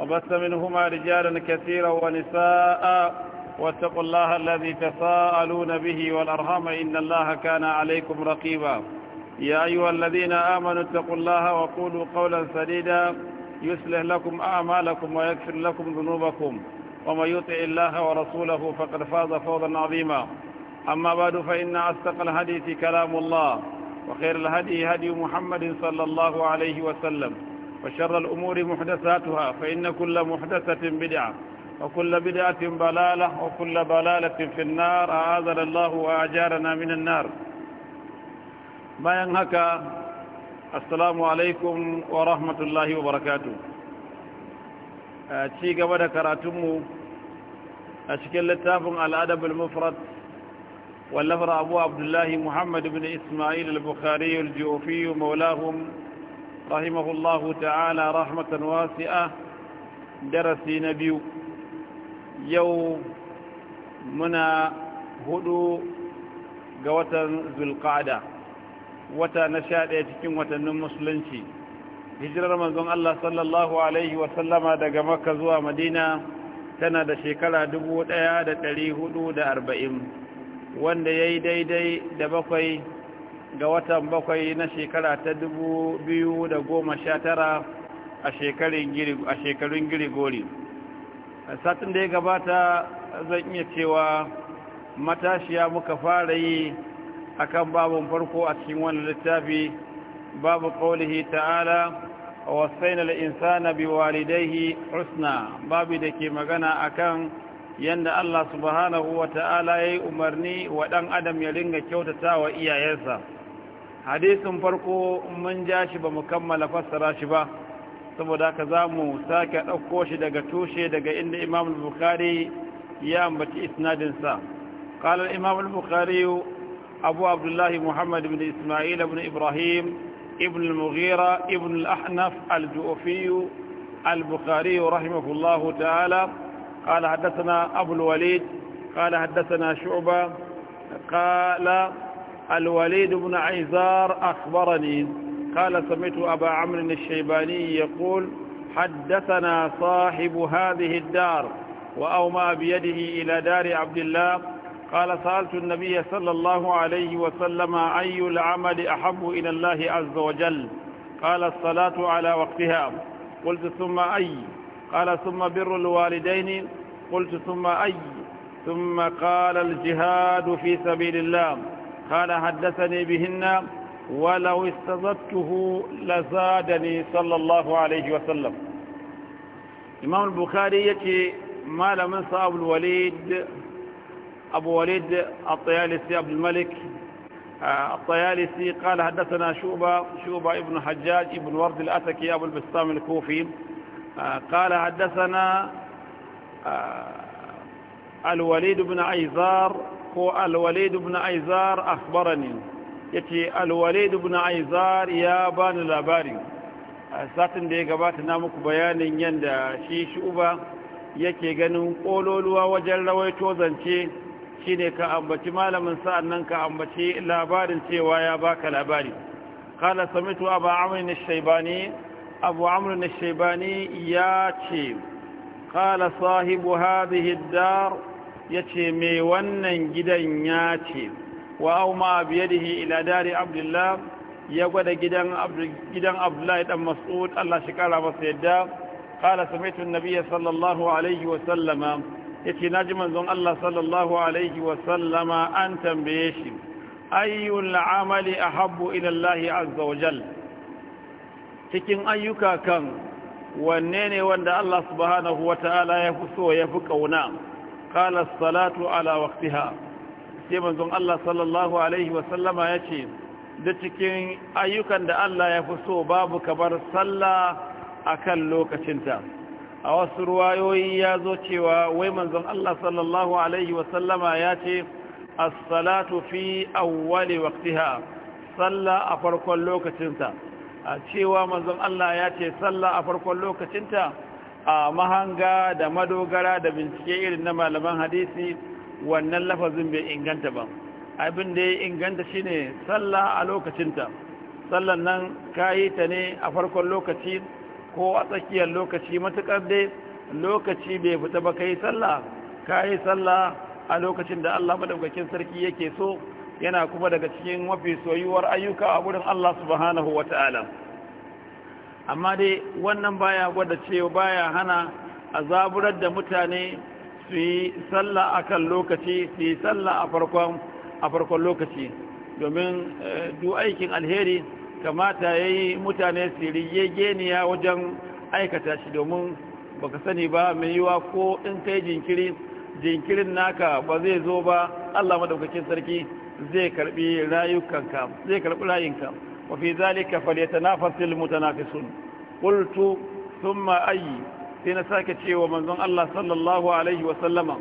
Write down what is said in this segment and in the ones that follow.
وبث منهما رجالا كثيرا ونساء واتقوا الله الذي تساءلون به والأرحام إن الله كان عليكم رقيبا يا أيها الذين آمنوا اتقوا الله وقولوا قولا سديدا يصلح لكم أعمالكم ويكفر لكم ذنوبكم ومن يطع الله ورسوله فقد فاز فوضا عظيما أما بعد فإن أصدق الحديث كلام الله وخير الهدي هدي محمد صلى الله عليه وسلم وشر الأمور محدثاتها فإن كل محدثة بدعة وكل بدعة ضلالة وكل ضلالة في النار أعاذنا الله وأجارنا من النار ما ينهك السلام عليكم ورحمة الله وبركاته ci ودكراتم da karatunmu على الأدب المفرد واللفر أبو عبد الله محمد بن إسماعيل البخاري الجوفي مولاهم رحمه الله تعالى رحمة واسعة درسي نبي يوم منا هدو قوة ذو القعدة وتنشاد cikin وتنم مسلنشي hijirar manzon Allah sallallahu Alaihi wasallama daga Makka zuwa Madina tana da shekara dubu da da hudu arba'in, wanda ya yi daidai da bakwai ga watan bakwai na shekara ta dubu biyu da goma sha tara a shekarun girigori a satin da ya gabata zan iya cewa matashiya muka fara yi a kan babin farko a cikin wani littafi babu ƙaunihi ta'ala a wasaina al'insana bi walidaihi husna babu da ke magana akan yadda Allah subhanahu wa ta'ala ya yi umarni wa ɗan adam ya ringa kyautata wa iyayensa hadisin farko mun ja shi ba mu kammala fassara shi ba saboda ka za mu sake ɗauko shi daga tushe daga inda imam al ya ambaci isnadinsa ƙalar imam al-bukhari abu abdullahi muhammad ibn isma'il bin ibrahim ibn al-mughira ibn al-ahnaf al-jufi al-bukhari rahimahullah ta'ala قال حدثنا أبو الوليد قال حدثنا شعبة قال الوليد بن عيزار أخبرني قال سمعت أبا عمرو الشيباني يقول حدثنا صاحب هذه الدار وأومى بيده إلى دار عبد الله قال سألت النبي صلى الله عليه وسلم أي العمل أحب إلى الله عز وجل قال الصلاة على وقتها قلت ثم أي قال ثم بر الوالدين قلت ثم أي ثم قال الجهاد في سبيل الله قال حدثني بهن ولو استزدته لزادني صلى الله عليه وسلم إمام البخاري يكي ما لم ينسى أبو الوليد أبو وليد الطيالسي عبد الملك آه، الطيالسي قال حدثنا شوبة شوبة ابن حجاج ابن ورد الأتكي أبو البستام الكوفي آه، قال حدثنا آه، الوليد بن عيزار ko alwalid ibn aizar akhbarani yace alwalid ibn aizar ya bani labari a satin da ya gabata na muku bayanin yanda shi shuba yake ganin kololuwa wajen rawaito zance shine ka ambaci malamin sa'annan ka ambaci labarin cewa ya baka labari قال سمعت أبا abu الشيباني أبو عمرو الشيباني qala sahibu hadhihi ad-dar ya ce mai wannan gidan ya ce wa auma biyadihi ila dadi Abdullahi ya gwada gidan abdullahi dan mas'ud Allah shi kara masa yadda kala samaitu nabiyya sallallahu alaihi wa sallama na ji manzon Allah sallallahu alaihi wa sallama an tambaye shi ayyul amali ahabbu ila Allah azza cikin ayyuka kan wanne ne wanda Allah subhanahu ta'ala ya fi so ya fi kauna قال الصلاة على وقتها sai manzon Allah sallallahu alaihi wasallama ya ce da cikin ayyukan da Allah ya fi so babu kamar sallah akan lokacinta a wasu ruwayoyi ya zo cewa wai manzon Allah sallallahu alaihi wasallama ya ce as-salatu fi awwali waqtiha sallah a farkon lokacinta a cewa manzon Allah ya ce sallah a farkon lokacinta a mahanga da madogara da bincike irin na malaman hadisi wannan lafazin bai inganta ba abin da ya inganta shine sallah a lokacinta sallan nan kayi ta ne a farkon lokaci ko a tsakiyar lokaci matukar dai lokaci bai fita ba kai sallah kayi sallah a lokacin da Allah madaukakin sarki yake so yana kuma daga cikin mafi soyuwar ayyuka a wurin Allah subhanahu wataala amma dai wannan baya gwada cewa baya hana a zaburar da mutane su yi sallah a kan lokaci su yi tsalla a farkon lokaci domin eh, duk aikin alheri kamata ya yi mutane su geniya wajen aikata shi domin baka sani ba mai yiwa ko in kai jinkiri jinkirin naka ba zai zo ba allah madaukakin sarki zai karbi rayukanka zai karbi rayinka وفي ذلك فليتنافس المتنافسون قلت ثم أي سين ساكتي ومنزون الله صلى الله عليه وسلم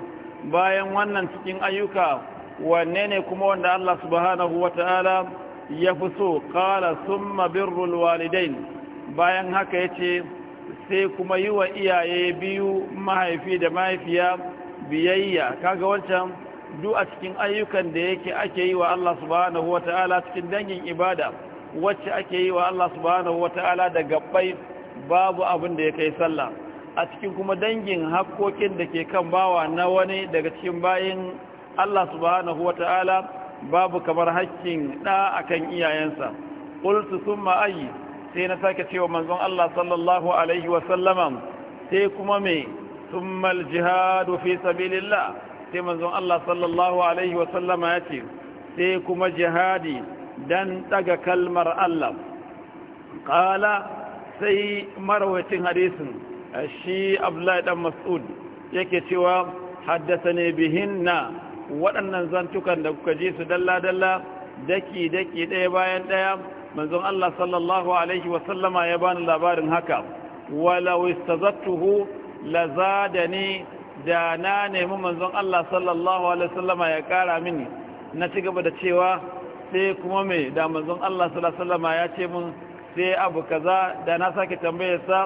bayan wannan cikin ayyuka wanne ne kuma wanda Allah subhanahu wata'ala ya fi so qala summa birrul walidain bayan haka yace sai kuma yi wa iyaye biyu mahaifi da mahaifiya biyayya kaga wancan duk a cikin ayyukan da yake ake yi wa Allah subhanahu cikin dangin ibada wacce ake yi wa Allah subhanahu wata'ala da gabbai babu abin da ya kai sallah a cikin kuma dangin hakkokin da ke kan bawa na wani daga cikin bayin Allah subhanahu wata'ala babu kamar hakkin da akan iyayensa qultu thumma ayy sai na sake cewa manzon Allah sallallahu alaihi wa sallama sai kuma me thumma al fi sabilillah sai manzon Allah sallallahu alaihi wa sallama yace sai kuma jihadi dan daga kalmar Allah ƙala sai marwacin hadisin shi Abdullahi dan Mas'ud yake cewa haddathani bihinna waɗannan zantukan da kuka ji su dalla dalla daki daki ɗaya bayan ɗaya manzon Allah sallallahu alaihi wa sallama ya bani labarin haka walau istazattuhu lazadani da na nemi manzon Allah sallallahu alaihi wa sallama ya kara mini na ci gaba da cewa sai kuma mai da manzon Allah sallallahu ya ce mun sai abu kaza da na sake tambayarsa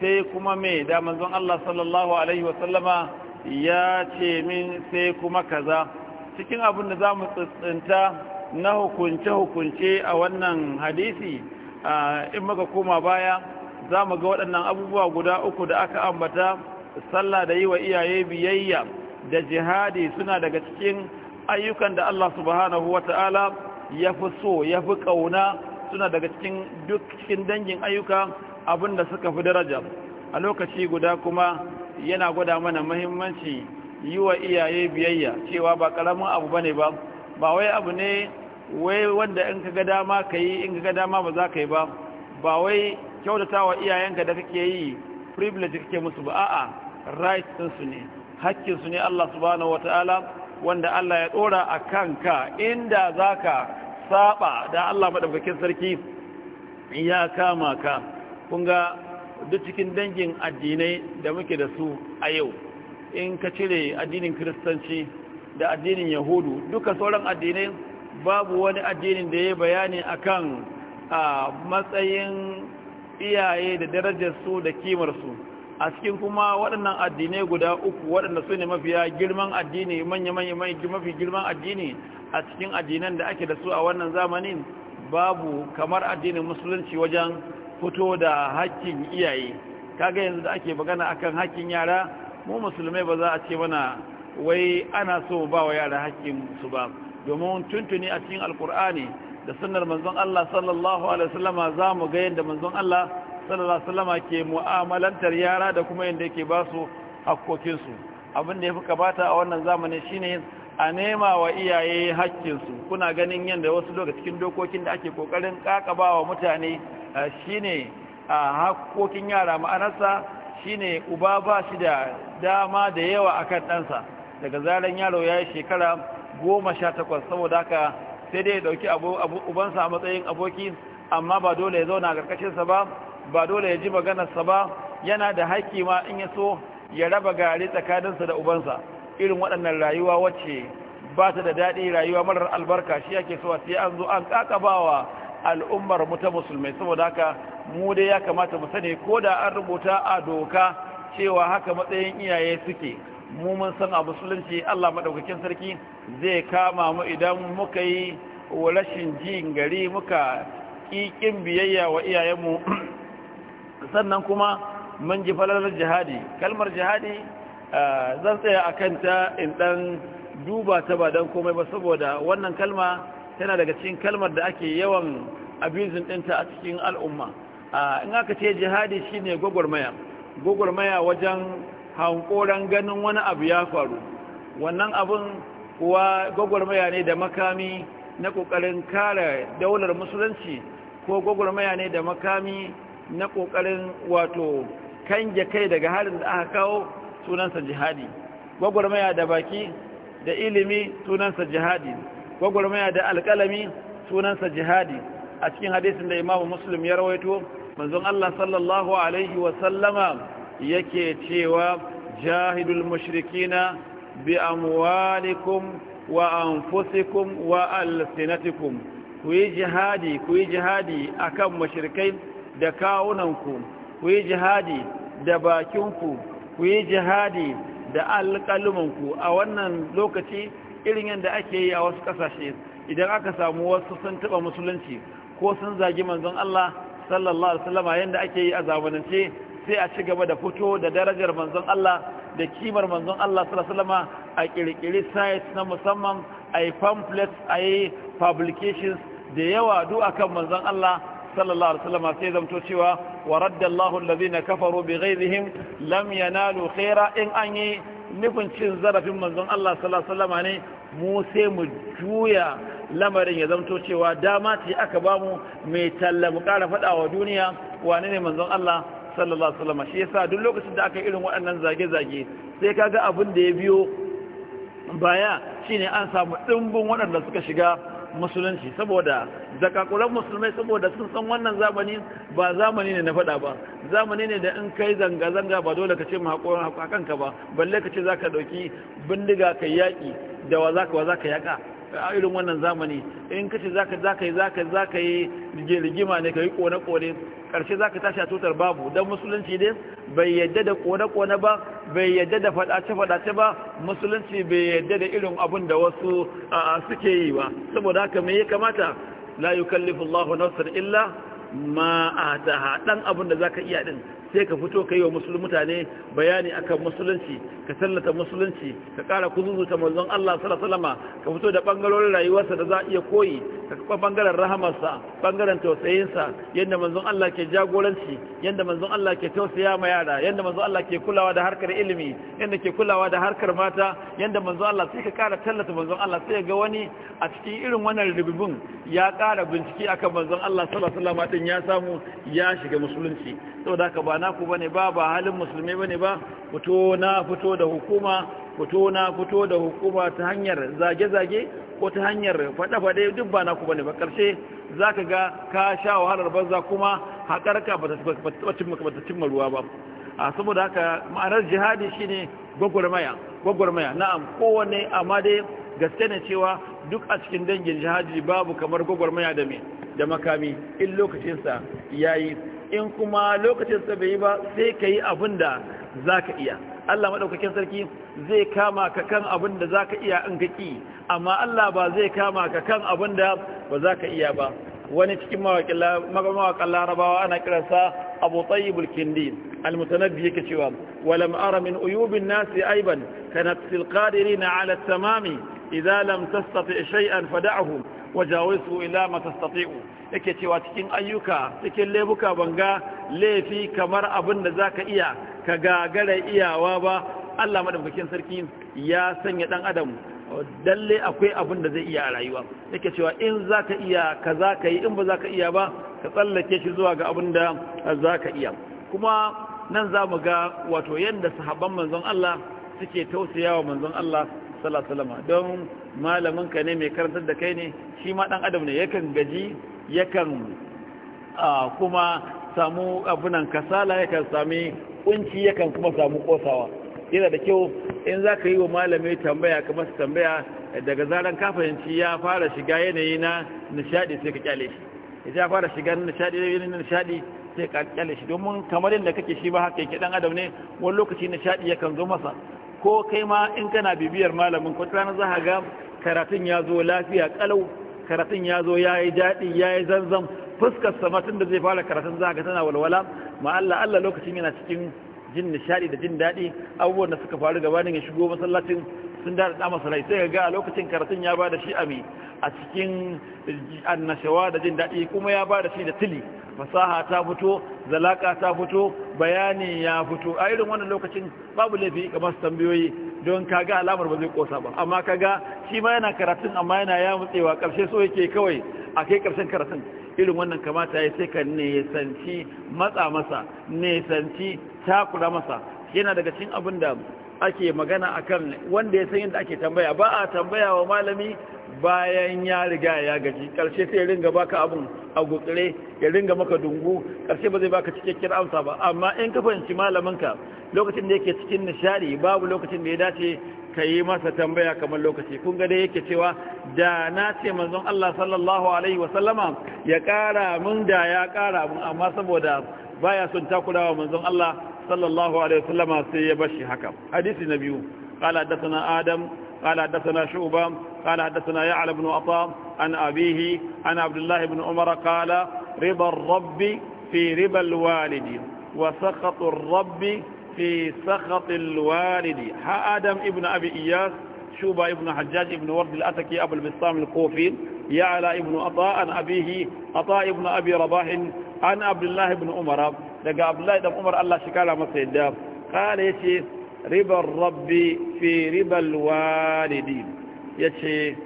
sai kuma mai da manzon Allah sallallahu alaihi wasallama ya ce min sai kuma kaza cikin abin da za mu tsinta na hukunce hukunce a wannan hadisi in muka koma baya za mu ga waɗannan abubuwa guda uku da aka ambata sallah da yi wa iyaye biyayya da jihadi suna daga cikin ayyukan da Allah subhanahu wa ta'ala ya fi so ya fi ƙauna suna daga cikin duk cikin dangin ayyuka abinda suka fi daraja a lokaci guda kuma yana gwada mana mahimmanci yi wa iyaye biyayya cewa ba ƙaramin abu ba ne ba ba wai abu ne wai wanda in ka ga dama ka yi in ka ga dama ba za ka yi ba ba wai kyautata wa iyayenka da kake yi privilege kake musu ba a'a right ɗinsu ne hakkinsu ne Allah subhanahu wataala wanda Allah ya dora a kanka inda za ka saba da Allah maɗaukakin sarki ya kama ka kun ga duk cikin dangin addinai da muke da su a yau in ka cire addinin kiristanci da addinin yahudu duka sauran addinai babu wani addinin da ya bayani akan a matsayin iyaye da darajarsu da kimarsu a cikin kuma waɗannan addinai guda uku waɗanda su ne mafiya girman addini mafi girman addini a cikin addinan da ake da su a wannan zamanin babu kamar addinin musulunci wajen fito da hakkin iyaye kaga yanzu da ake magana akan hakkin yara mu musulmai ba za a ce mana wai ana so ba wa yara hakkin su ba domin tuntuni a cikin alkur'ani da sunnar manzon Allah sallallahu alaihi wasallama za mu ga yadda manzon Allah sallallahu alaihi ke mu'amalantar yara da kuma yanda yake ba su abin da yafi kabata a wannan zamanin shine a nema wa iyaye hakkin su kuna ganin yanda wasu daga cikin dokokin da ake kokarin wa mutane shine a hakkokin yara ma'anarsa shine uba ba shi da dama da yawa akan ɗansa daga zaren yaro ya yi shekara goma sha takwas saboda haka sai dai ya ɗauki ubansa a matsayin aboki amma ba dole ya zauna a ƙarƙashinsa ba ba dole ya ji maganarsa ba yana da haƙƙi ma in ya so ya raba gari tsakaninsa da ubansa irin waɗannan rayuwa wacce ba ta da daɗi rayuwa marar albarka shi yake so sai an zo an ƙaƙabawa al'ummar mu ta musulmai saboda haka mu dai ya kamata mu sani ko da an rubuta a doka cewa haka matsayin iyaye suke mu mun san a musulunci Allah maɗaukakin sarki zai kama mu idan muka yi rashin jin gari muka ƙiƙin biyayya wa iyayenmu sannan kuma mun ji falalar jihadi kalmar jihadi zan tsaya a kanta in ɗan duba ta ba don komai ba saboda wannan kalma tana daga cikin kalmar da ake yawan abuzin ɗinta a cikin al'umma in aka ce jihadi shine gwagwarmaya gwagwarmaya wajen hankoran ganin wani abu ya faru wannan abun kuwa gwagwarmaya ne da makami na ƙoƙarin kare daular musulunci ko gwagwarmaya ne da makami na ƙoƙarin wato kange kai daga harin da aka kawo sunansa jihadi gwagwarmaya da baki da ilimi sunansa jihadi gwagwarmaya da alƙalami sunansa jihadi a cikin hadisin da imamu muslim ya rawaito manzon Allah sallallahu alaihi wa yake cewa jahidul mushrikina bi amwalikum wa anfusikum wa alsinatikum ku yi jihadi ku yi jihadi akan mushrikai da kawunanku ku yi jihadi da bakinku ku yi jihadi da alƙalumanku a wannan lokaci irin yadda ake yi a wasu ƙasashe idan aka samu wasu sun taɓa musulunci ko sun zagi manzon Allah sallallahu alaihi wasallam yadda ake yi a zamanance sai a ci gaba da fito da darajar manzon Allah da kimar manzon Allah sallallahu alaihi a kirkiri sites na musamman a yi pamphlets a yi publications da yawa duk akan manzon Allah sallallahu alaihi wasallam sai na cewa wa raddallahu alladhina kafaru bighayrihim lam yanalu khaira in an yi nufin cin zarafin manzon Allah sallallahu alaihi wasallam ne mu sai mu juya lamarin ya zamto cewa dama ce aka bamu mai talla mu kara fada wa duniya wane ne manzon Allah sallallahu alaihi wasallam shi yasa duk lokacin da aka irin waɗannan zage-zage sai kaga abin da ya biyo baya shine an samu dimbin waɗanda suka shiga musulunci saboda zakakulan musulmai saboda sun san wannan zamani ba zamani ne na fada ba zamani ne da in kai zanga-zanga ba dole ka ce ma hakanka ba balle ka ce za ka ɗauki bindiga ka yaƙi da wa za ka wa za ka yaƙa a irin wannan zamani in ka ce za ka yi za ka yi rigima ne ka yi kone-kone ƙarshe za ka tashi a tutar babu don musulunci ne bai yadda da kone-kone ba bai yadda da faɗace-faɗace ba musulunci bai yadda da irin abun da wasu suke yi ba saboda haka mai ya kamata la yukallifu Allahu nafsan illa ma ataha dan abun da zaka iya ɗin. sai ka fito ka yi wa musulun mutane bayani akan musulunci ka tallata musulunci ka kara kuzuzuta manzon Allah salama ka fito da bangarorin rayuwarsa da za a iya koyi ka kafa bangaren rahamarsa bangaren tausayinsa yadda manzon Allah ke jagoranci yadda manzon Allah ke tausaya ma yara yadda manzon Allah ke kulawa da harkar ilimi yadda ke kulawa da harkar mata yadda manzon Allah sai ka kara tallata manzon Allah sai ga wani a cikin irin wannan rububin ya kara bincike akan manzon Allah sallallahu din ya samu ya shiga musulunci saboda haka ba ba naku ba ba halin musulmi bane ba fito na fito da hukuma fito na fito da hukuma ta hanyar zage-zage ko ta hanyar faɗe-faɗe duk ba naku ne ba ƙarshe za ka ga ka sha wahalar banza kuma haƙarka ba ta cimma ruwa ba a saboda haka ma'anar jihadi shine gwagwarmaya gwagwarmaya na'am kowane amma dai gaske ne cewa duk a cikin dangin jihadi babu kamar gwagwarmaya da me da makami in lokacinsa ya yi. in kuma lokacin sa bai yi ba sai ka yi abin da za ka iya Allah maɗaukakin sarki zai kama ka kan abin da za ka iya in ka ƙi amma Allah ba zai kama ka kan abin da ba za ka iya ba wani cikin mawakan larabawa ana kiransa abu tsayibul kindi almutanabbi yake cewa walam ara min uyubin nasi aiban ka nafsil na ala tamami idza lam tastati shay'an fada'ahu wajawisu ila matastati'u yake cewa cikin ayyuka cikin laifuka banga laifi kamar abin da zaka iya ka gagara iyawa ba Allah madaukakin sarki ya sanya dan adam dalle akwai abin da zai iya a rayuwa yake cewa in zaka iya ka zaka yi in ba zaka iya ba ka tsallake shi zuwa ga abin da zaka iya kuma nan zamu ga wato yadda sahabban manzon Allah suke tausayawa manzon Allah sallallahu don malamin ka ne mai karantar da kai ne shi ma dan adam ne yakan gaji yakan kuma samu abunan kasala yakan sami kunci yakan kuma samu kosawa yana da kyau in za ka yi wa malamai tambaya ka masa tambaya daga zaren kafayanci ya fara shiga yanayi na nishadi sai ka kyale shi ya fara shiga na nishadi yanayi na nishadi sai ka kyale shi domin kamar yadda kake shi ba haka yake dan adam ne wani lokaci nishadi yakan zo masa ko kai ma in kana bibiyar malamin kwatanar za ga karatun ya zo lafiya kalau karatun ya zo ya yi daɗi ya yi zanzan fuskar samatin da zai fara karatun za ga tana walwala ma Allah Allah lokacin yana cikin jin nishadi da jin daɗi abubuwan da suka faru gabanin ya shigo masallacin sun da da masa rai sai ga lokacin karatun ya ba da shi ami a cikin annashawa da jin daɗi kuma ya ba da shi da tili fasaha ta fito zalaka ta fito bayani ya fito a irin wannan lokacin babu laifi ga masu tambayoyi don kaga alamar ba zai kosa ba amma ka ga shi ma yana karatun amma yana ya mutsewa karshe so yake kawai a kai karshen karatun irin wannan kamata ya sai ka nesanci matsa masa nesanci takura masa yana daga cikin abin da ake magana akan wanda ya san yadda ake tambaya ba a tambaya wa malami bayan ya riga ya gaji karshe sai ringa baka abun a gutsire ya ringa maka dungu karshe ba zai baka cikakken amsa ba amma in ka fahimci malaminka lokacin da yake cikin nishadi babu lokacin da ya dace ka yi masa tambaya kamar lokaci kun ga da yake cewa da na ce manzon Allah sallallahu alaihi wa ya kara mun da ya kara mun amma saboda baya son takurawa manzon Allah صلى الله عليه وسلم سيبشي حكا حديث النبي قال حدثنا آدم قال حدثنا شعبة قال حدثنا يعلى بن عطاء عن أبيه عن عبد الله بن عمر قال رضا الرب في ربا الوالد وسخط الرب في سخط الوالد ها آدم ابن أبي إياس شوبا ابن حجاج ابن ورد الأتكي أبو البسام القوفي يعلى ابن أطاء عن أبيه أطاء ابن أبي رباح عن عبد الله بن عمر daga abdullahi dan umar Allah shi kara masa yadda kala yace ribar rabbi fi ribal walidi yace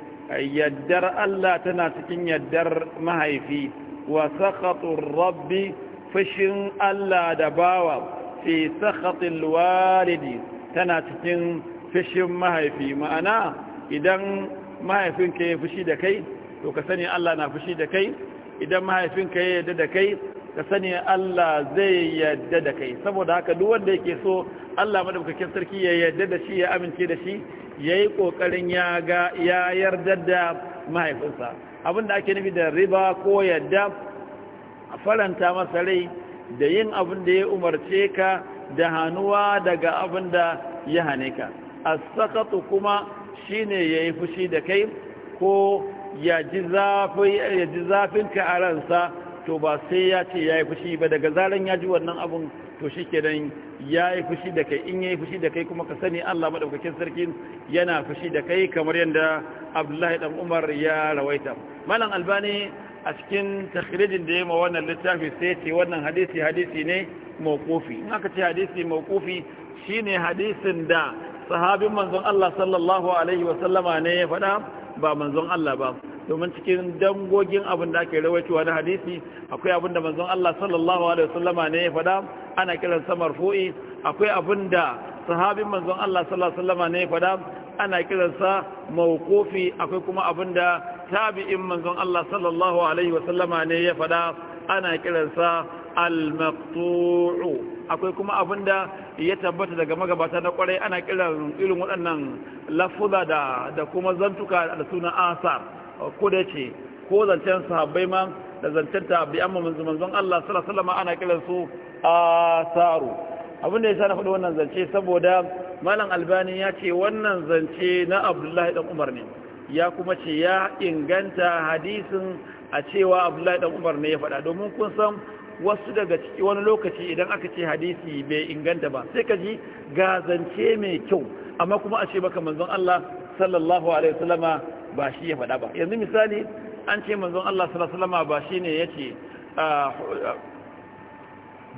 yaddar Allah tana cikin yaddar mahaifi wa sakatun rabbi fashin Allah da bawa fi sakhatil walidi tana cikin fashin mahaifi ma'ana idan mahaifinka ya fushi da kai to ka sani Allah na fushi da kai idan mahaifinka ya yarda da kai ka sani Allah zai yadda da kai saboda haka duk wanda yake so Allah madaukakin sarki ya yadda da shi ya amince da shi yayi kokarin ya ga ya yarda da mahaifinsa abinda ake nufi da riba ko yadda faranta masa rai da yin abin da ya umarce ka da hannuwa daga abin da ya hane ka as sakatu kuma shine yayi fushi da kai ko ya ji zafin ka a ransa to ba sai ya ce ya yi fushi ba daga zaren ya ji wannan abun to shi nan ya yi fushi da kai in ya yi fushi da kai kuma ka sani Allah maɗaukakin sarki yana fushi da kai kamar yadda abdullahi ɗan umar ya rawaita malam albani a cikin takhrijin da ya ma wannan littafi sai ce wannan hadisi hadisi ne mawqufi in aka ce hadisi mawqufi shine hadisin da sahabin manzon Allah sallallahu alaihi wa sallama ne ya faɗa ba manzon Allah ba domin cikin dangogin abin da ake rawaitowa na hadisi akwai abin da manzon Allah sallallahu alaihi wasallama ne ya faɗa ana kiran sa marfu'i akwai abin da sahabin manzon Allah sallallahu alaihi wasallama ne ya faɗa ana kiran sa mawqufi akwai kuma abin da tabi'in manzon Allah sallallahu alaihi wasallama ne ya faɗa ana kiran sa al-maqtu'u akwai kuma abin da ya tabbata daga magabata na kwarai ana kiran irin waɗannan lafuza da kuma zantuka da sunan asar ko da ce ko zancen sahabbai ma da zancen tabi'an manzon Allah sallallahu alaihi wasallam ana kiransu asaru abin da yasa na faɗi wannan zance saboda malam albani ya ce wannan zance na abdullahi dan umar ne ya kuma ce ya inganta hadisin a cewa abdullahi dan umar ne ya faɗa domin kun san wasu daga ciki wani lokaci idan aka ce hadisi bai inganta ba sai ka ji ga zance mai kyau amma kuma a ce baka manzon Allah sallallahu alaihi wasallama ba shi ya faɗa ba yanzu misali an ce manzon Allah sallallahu alaihi wasallam ba shine yace ah,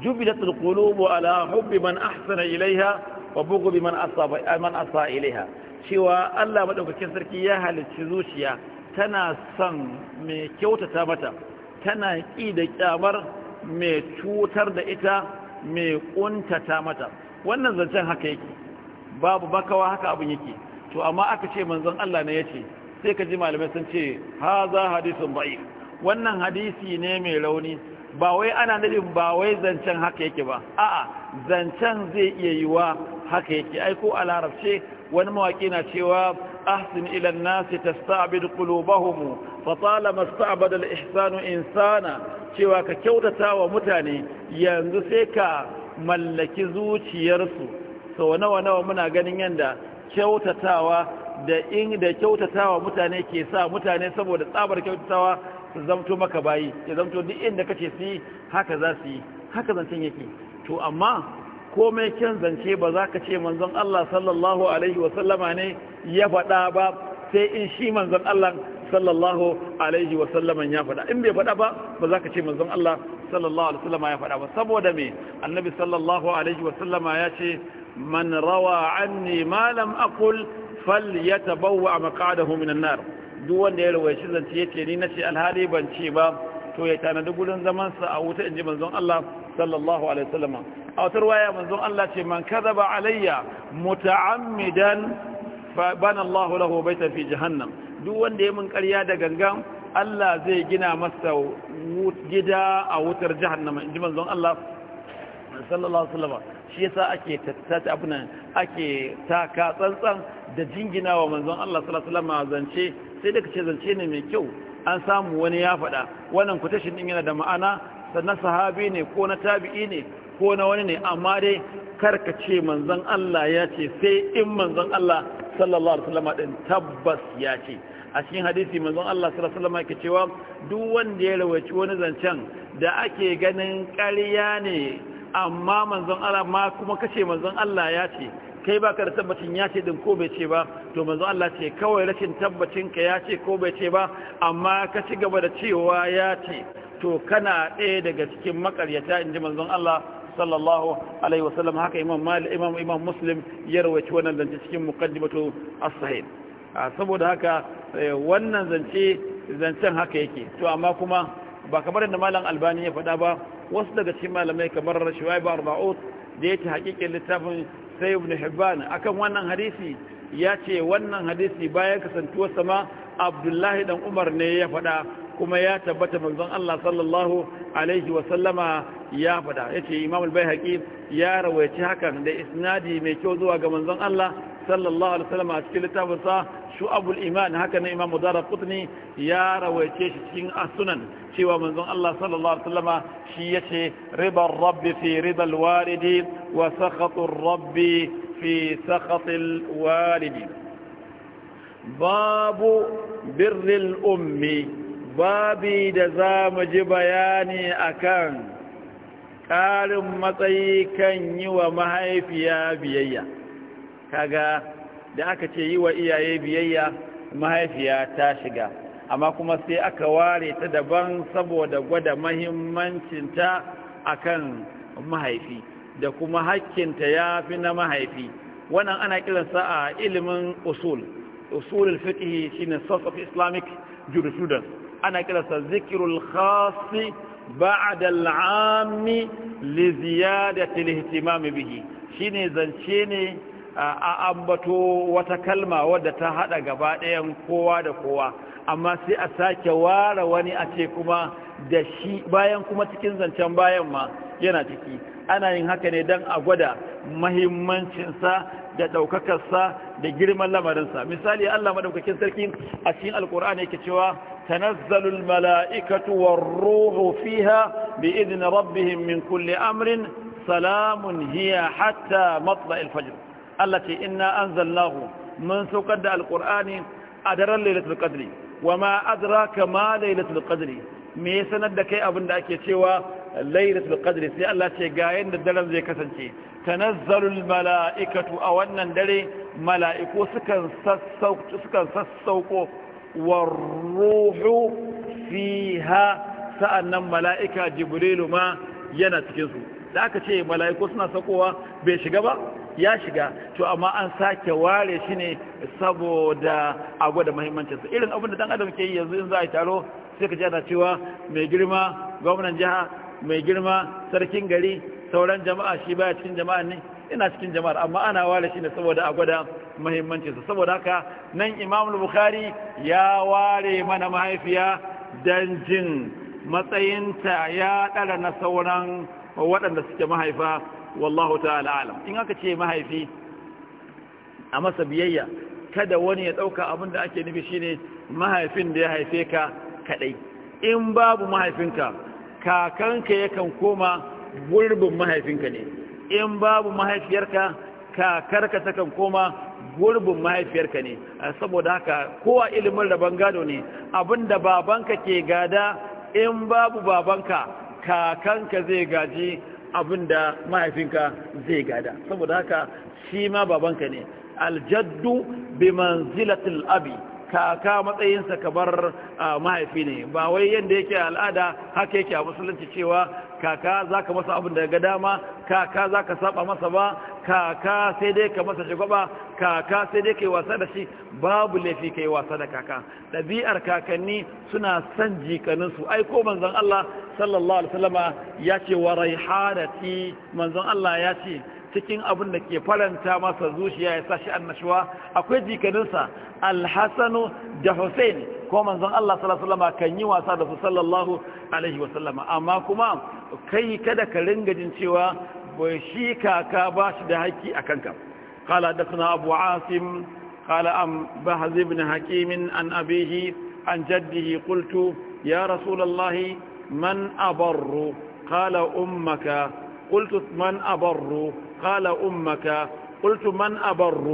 jubilatul qulubu ala hubbi man ahsana ilaiha wa bughdi man asaba man asa ilaiha cewa Allah madaukakin sarki ya halicci zuciya tana son mai kyautata mata tana ƙi da kyamar mai cutar da ita mai ƙuntata mata wannan zancen haka yake babu bakawa haka abin yake to amma aka ce manzon Allah ne yace sai ka ji malamai sun ce ha za hadisun ba'i wannan hadisi ne mai rauni ba wai ana nufin ba wai zancen haka yake ba a'a zancen zai iya yiwa haka yake aiko a larabce wani mawaƙi na cewa ahsin ila an-nasi tasta'bid qulubahum fa talama sta'bada al-ihsanu insana cewa ka kyautata wa mutane yanzu sai ka mallaki zuciyarsu sau nawa nawa muna ganin yanda kyautatawa da in da kyautatawa mutane ke sa mutane saboda tsabar kyautatawa su zamto maka bayi ya zamto duk inda kace su yi haka za su yi haka zancen yake to amma komai kyan zance ba za ka ce manzon Allah sallallahu alaihi wa sallama ne ya faɗa ba sai in shi manzon Allah sallallahu alaihi wa sallaman ya faɗa in bai faɗa ba ba za ka ce manzon Allah sallallahu alaihi wa sallama ya faɗa ba saboda me annabi sallallahu alaihi wa sallama ya ce man rawa anni ma lam aqul falyatabawwa maq'adahu minan nar duk wanda ya rawaici zance yace ni nace alhali ban ce ba to ya tanadi gurin zaman sa a wuta inji manzon Allah sallallahu alaihi wasallam a wata riwaya manzon Allah ce man kadaba alayya muta'ammidan fa bana Allahu lahu baytan fi jahannam duk wanda ya min karya da gangan Allah zai gina masa gida a wutar inji Allah sallallahu alaihi shi yasa ake tattace abunan ake taka tsantsan da jingina wa manzon Allah sallallahu alaihi wasallam zance sai da kace zance ne mai kyau an samu wani ya faɗa wannan kutashin din yana da ma'ana sannan sahabi ne ko na tabi'i ne ko na wani ne amma dai ce manzon Allah ya ce sai in manzon Allah sallallahu alaihi wasallam din tabbas ya ce a cikin hadisi manzon Allah sallallahu alaihi wasallam yake cewa duk wanda ya rawaci wani zancen da ake ganin ƙarya ne amma manzon Allah ma kuma kace manzon Allah ya ce kai baka da tabbacin ya ce din ko bai ce ba to manzon Allah ce kawai rashin tabbacin ka ya ce ko bai ce ba amma ka ci gaba da cewa ya ce to kana ɗaya daga cikin makaryata inji manzon Allah sallallahu alaihi wasallam haka imam mal imam imam muslim ya rawaito wannan zance cikin muqaddimatu as-sahih saboda haka eh, wannan zance zancen haka yake to amma kuma ba kamar da malam albani ya faɗa ba wasu daga cikin malamai kamar shuwaib arba'ut da yake hakikin littafin sai ibn hibban akan wannan hadisi ya ce wannan hadisi bayan kasantuwar sama abdullahi dan umar ne ya faɗa kuma ya tabbata manzon Allah sallallahu alaihi wa sallama ya faɗa yace imam al-baihaqi ya rawaici hakan da isnadi mai kyau zuwa ga manzon Allah صلى الله عليه وسلم أشكال تفسا شعب الإيمان هكذا إمام دار قطني يا روي تيش تين أسنن شوى منذ الله صلى الله عليه وسلم شيش رضا الرب في رضا الوالد وسخط الرب في سخط الوالد باب بر الأم باب دزام جبياني أكان قال متيكني ومهيفيا بيئة kaga da aka ce yi wa iyaye biyayya mahaifiya ta shiga amma kuma sai aka ware ta daban saboda gwada mahimmancinta a kan mahaifi da kuma hakkinta ya fi na mahaifi wannan ana kiransa a ilimin usul usulul shi shine source of islamic jurisprudence ana kiransa zikirul khasi ba'da al-'am li ziyadati al-ihtimam bihi shine zance ne a ambato wata kalma wadda ta hada gaba ɗayan kowa da kowa amma sai a sake ware wani a ce kuma da shi bayan kuma cikin zancen bayan ma yana ciki ana yin haka ne don a gwada mahimmancinsa da ɗaukakarsa da girman lamarinsa misali allah maɗaukakin sarki a cikin alkur'an yake cewa tanazzalul mala'ikatu war fiha bi idin rabbihim min kulli amrin salamun hiya hatta matla'il fajr Allah ce inna anzalnahu mun saukar da alqur'ani a daren lailatul qadri wama adraka ma lailatul qadri me sanar da kai abin da ake cewa lailatul qadri sai Allah ce ga yanda daren zai kasance tanazzalul mala'ikatu a wannan dare mala'iku sukan sassauko sukan sassauko warruhu fiha sa'annan mala'ika jibrilu ma yana cikin su da aka ce mala'iku suna sakowa bai shiga ba ya shiga to amma an sake ware shi ne saboda a gwada mahimmancinsa irin abin da dan adam ke yi yanzu in za a yi taro sai ka jana cewa mai girma gwamnan jiha mai girma sarkin gari sauran jama'a shi baya cikin jama'a. ne ina cikin jama'a amma ana ware shi ne saboda a gwada mahimmancinsa saboda haka nan imam bukhari ya ware mana mahaifiya dan jin matsayinta ya ɗara na sauran waɗanda suke mahaifa wallahu ta'ala alam in aka ce mahaifi a masa biyayya kada wani ya dauka abin da ake nufi shine mahaifin da ya haife ka kadai in babu mahaifinka kakanka yakan koma gurbin mahaifinka ne in babu mahaifiyarka kakarka takan koma gurbin mahaifiyarka ne saboda haka kowa ilimin rabon gado ne abinda babanka ke gada in babu babanka kakanka zai gaji abin da mahaifinka zai gada saboda haka shi ma babanka ne aljaddu bi manzilatil abi kaka matsayinsa kabar ah, mahaifi ne ba wai yadda yake al'ada haka yake a musulunci cewa kaka za ka masa abin da ga dama kaka za ka saba masa ba kaka sai dai ka masa shagwaba kaka sai dai ka yi wasa da shi babu laifi ka yi wasa da kaka ɗabi'ar kakanni suna son jikaninsu ai ko manzon Allah sallallahu alaihi wasallama ya ce wa raihanati manzon Allah ya ce cikin abin da ke faranta masa zuciya ya sa sashi annashuwa akwai jikaninsa alhassanu da hussein ko manzon Allah sallallahu alaihi wasallam kan yi wasa da su sallallahu alaihi wasallam amma kuma kai kada ka ringa jin cewa bai shi kaka ba shi da haƙi a kanka qala dasna abu asim qala am bahz ibn hakim an abihi an jaddihi qultu ya rasulullahi man abarru qala ummaka قلت من أبر قال أمك قلت من أبر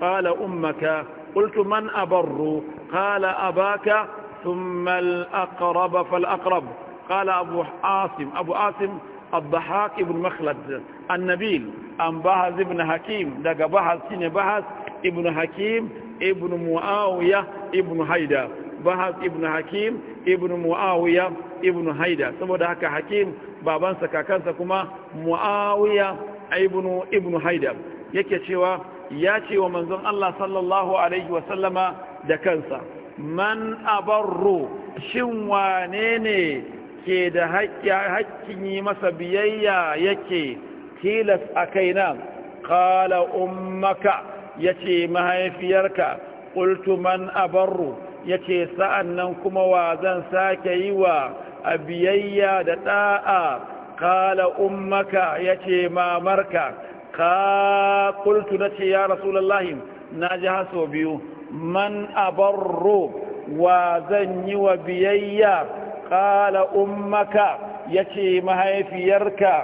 قال أمك قلت من أبر قال أباك ثم الأقرب فالأقرب قال أبو عاصم أبو عاصم الضحاك بن مخلد النبيل أن بحث ابن حكيم دق بحث سين بحث ابن حكيم ابن معاوية ابن هيدا بحث ابن حكيم ابن معاوية ابن هيدا سبو دهك حكيم بابان سكاكان سكما معاوية ابن ابن هيدا yake cewa ya ce wa manzon Allah sallallahu alaihi wasallama da kansa man abarru shin wane ne ke da haƙƙin yi masa biyayya yake tilas a kaina qala ummaka yace mahaifiyarka qultu man abarru yace sa'annan kuma wa zan sake yi wa a biyayya da ɗa'a? kala ummaka yace mamarka ka kultu na ce ya rasulallahi na ji haso biyu man abarro wa zan yi wa biyayya kala ummaka ya ce mahaifiyarka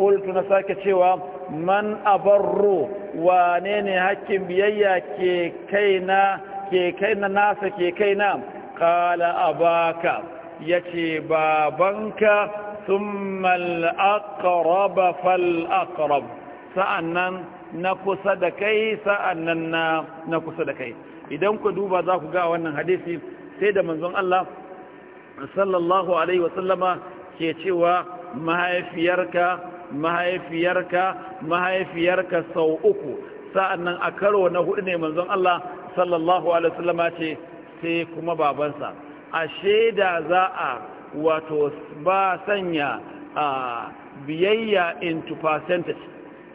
kultu na sake cewa man abarro wa ne hakkin biyayya ke kaina ke kaina nasa ke kaina kala abaka ya ce babanka ثم الأقرب sa'annan na kusa da kai sa'annan na na kusa da kai idan ku duba za ku ga wannan hadisi sai da manzon Allah sallallahu alaihi wasallama ke cewa mahaifiyarka mahaifiyarka mahaifiyarka sau uku sa'annan a karo na hudu ne manzon Allah sallallahu alaihi wasallama ce sai kuma babansa a shaida za a wato ba sanya a biyayya into percentage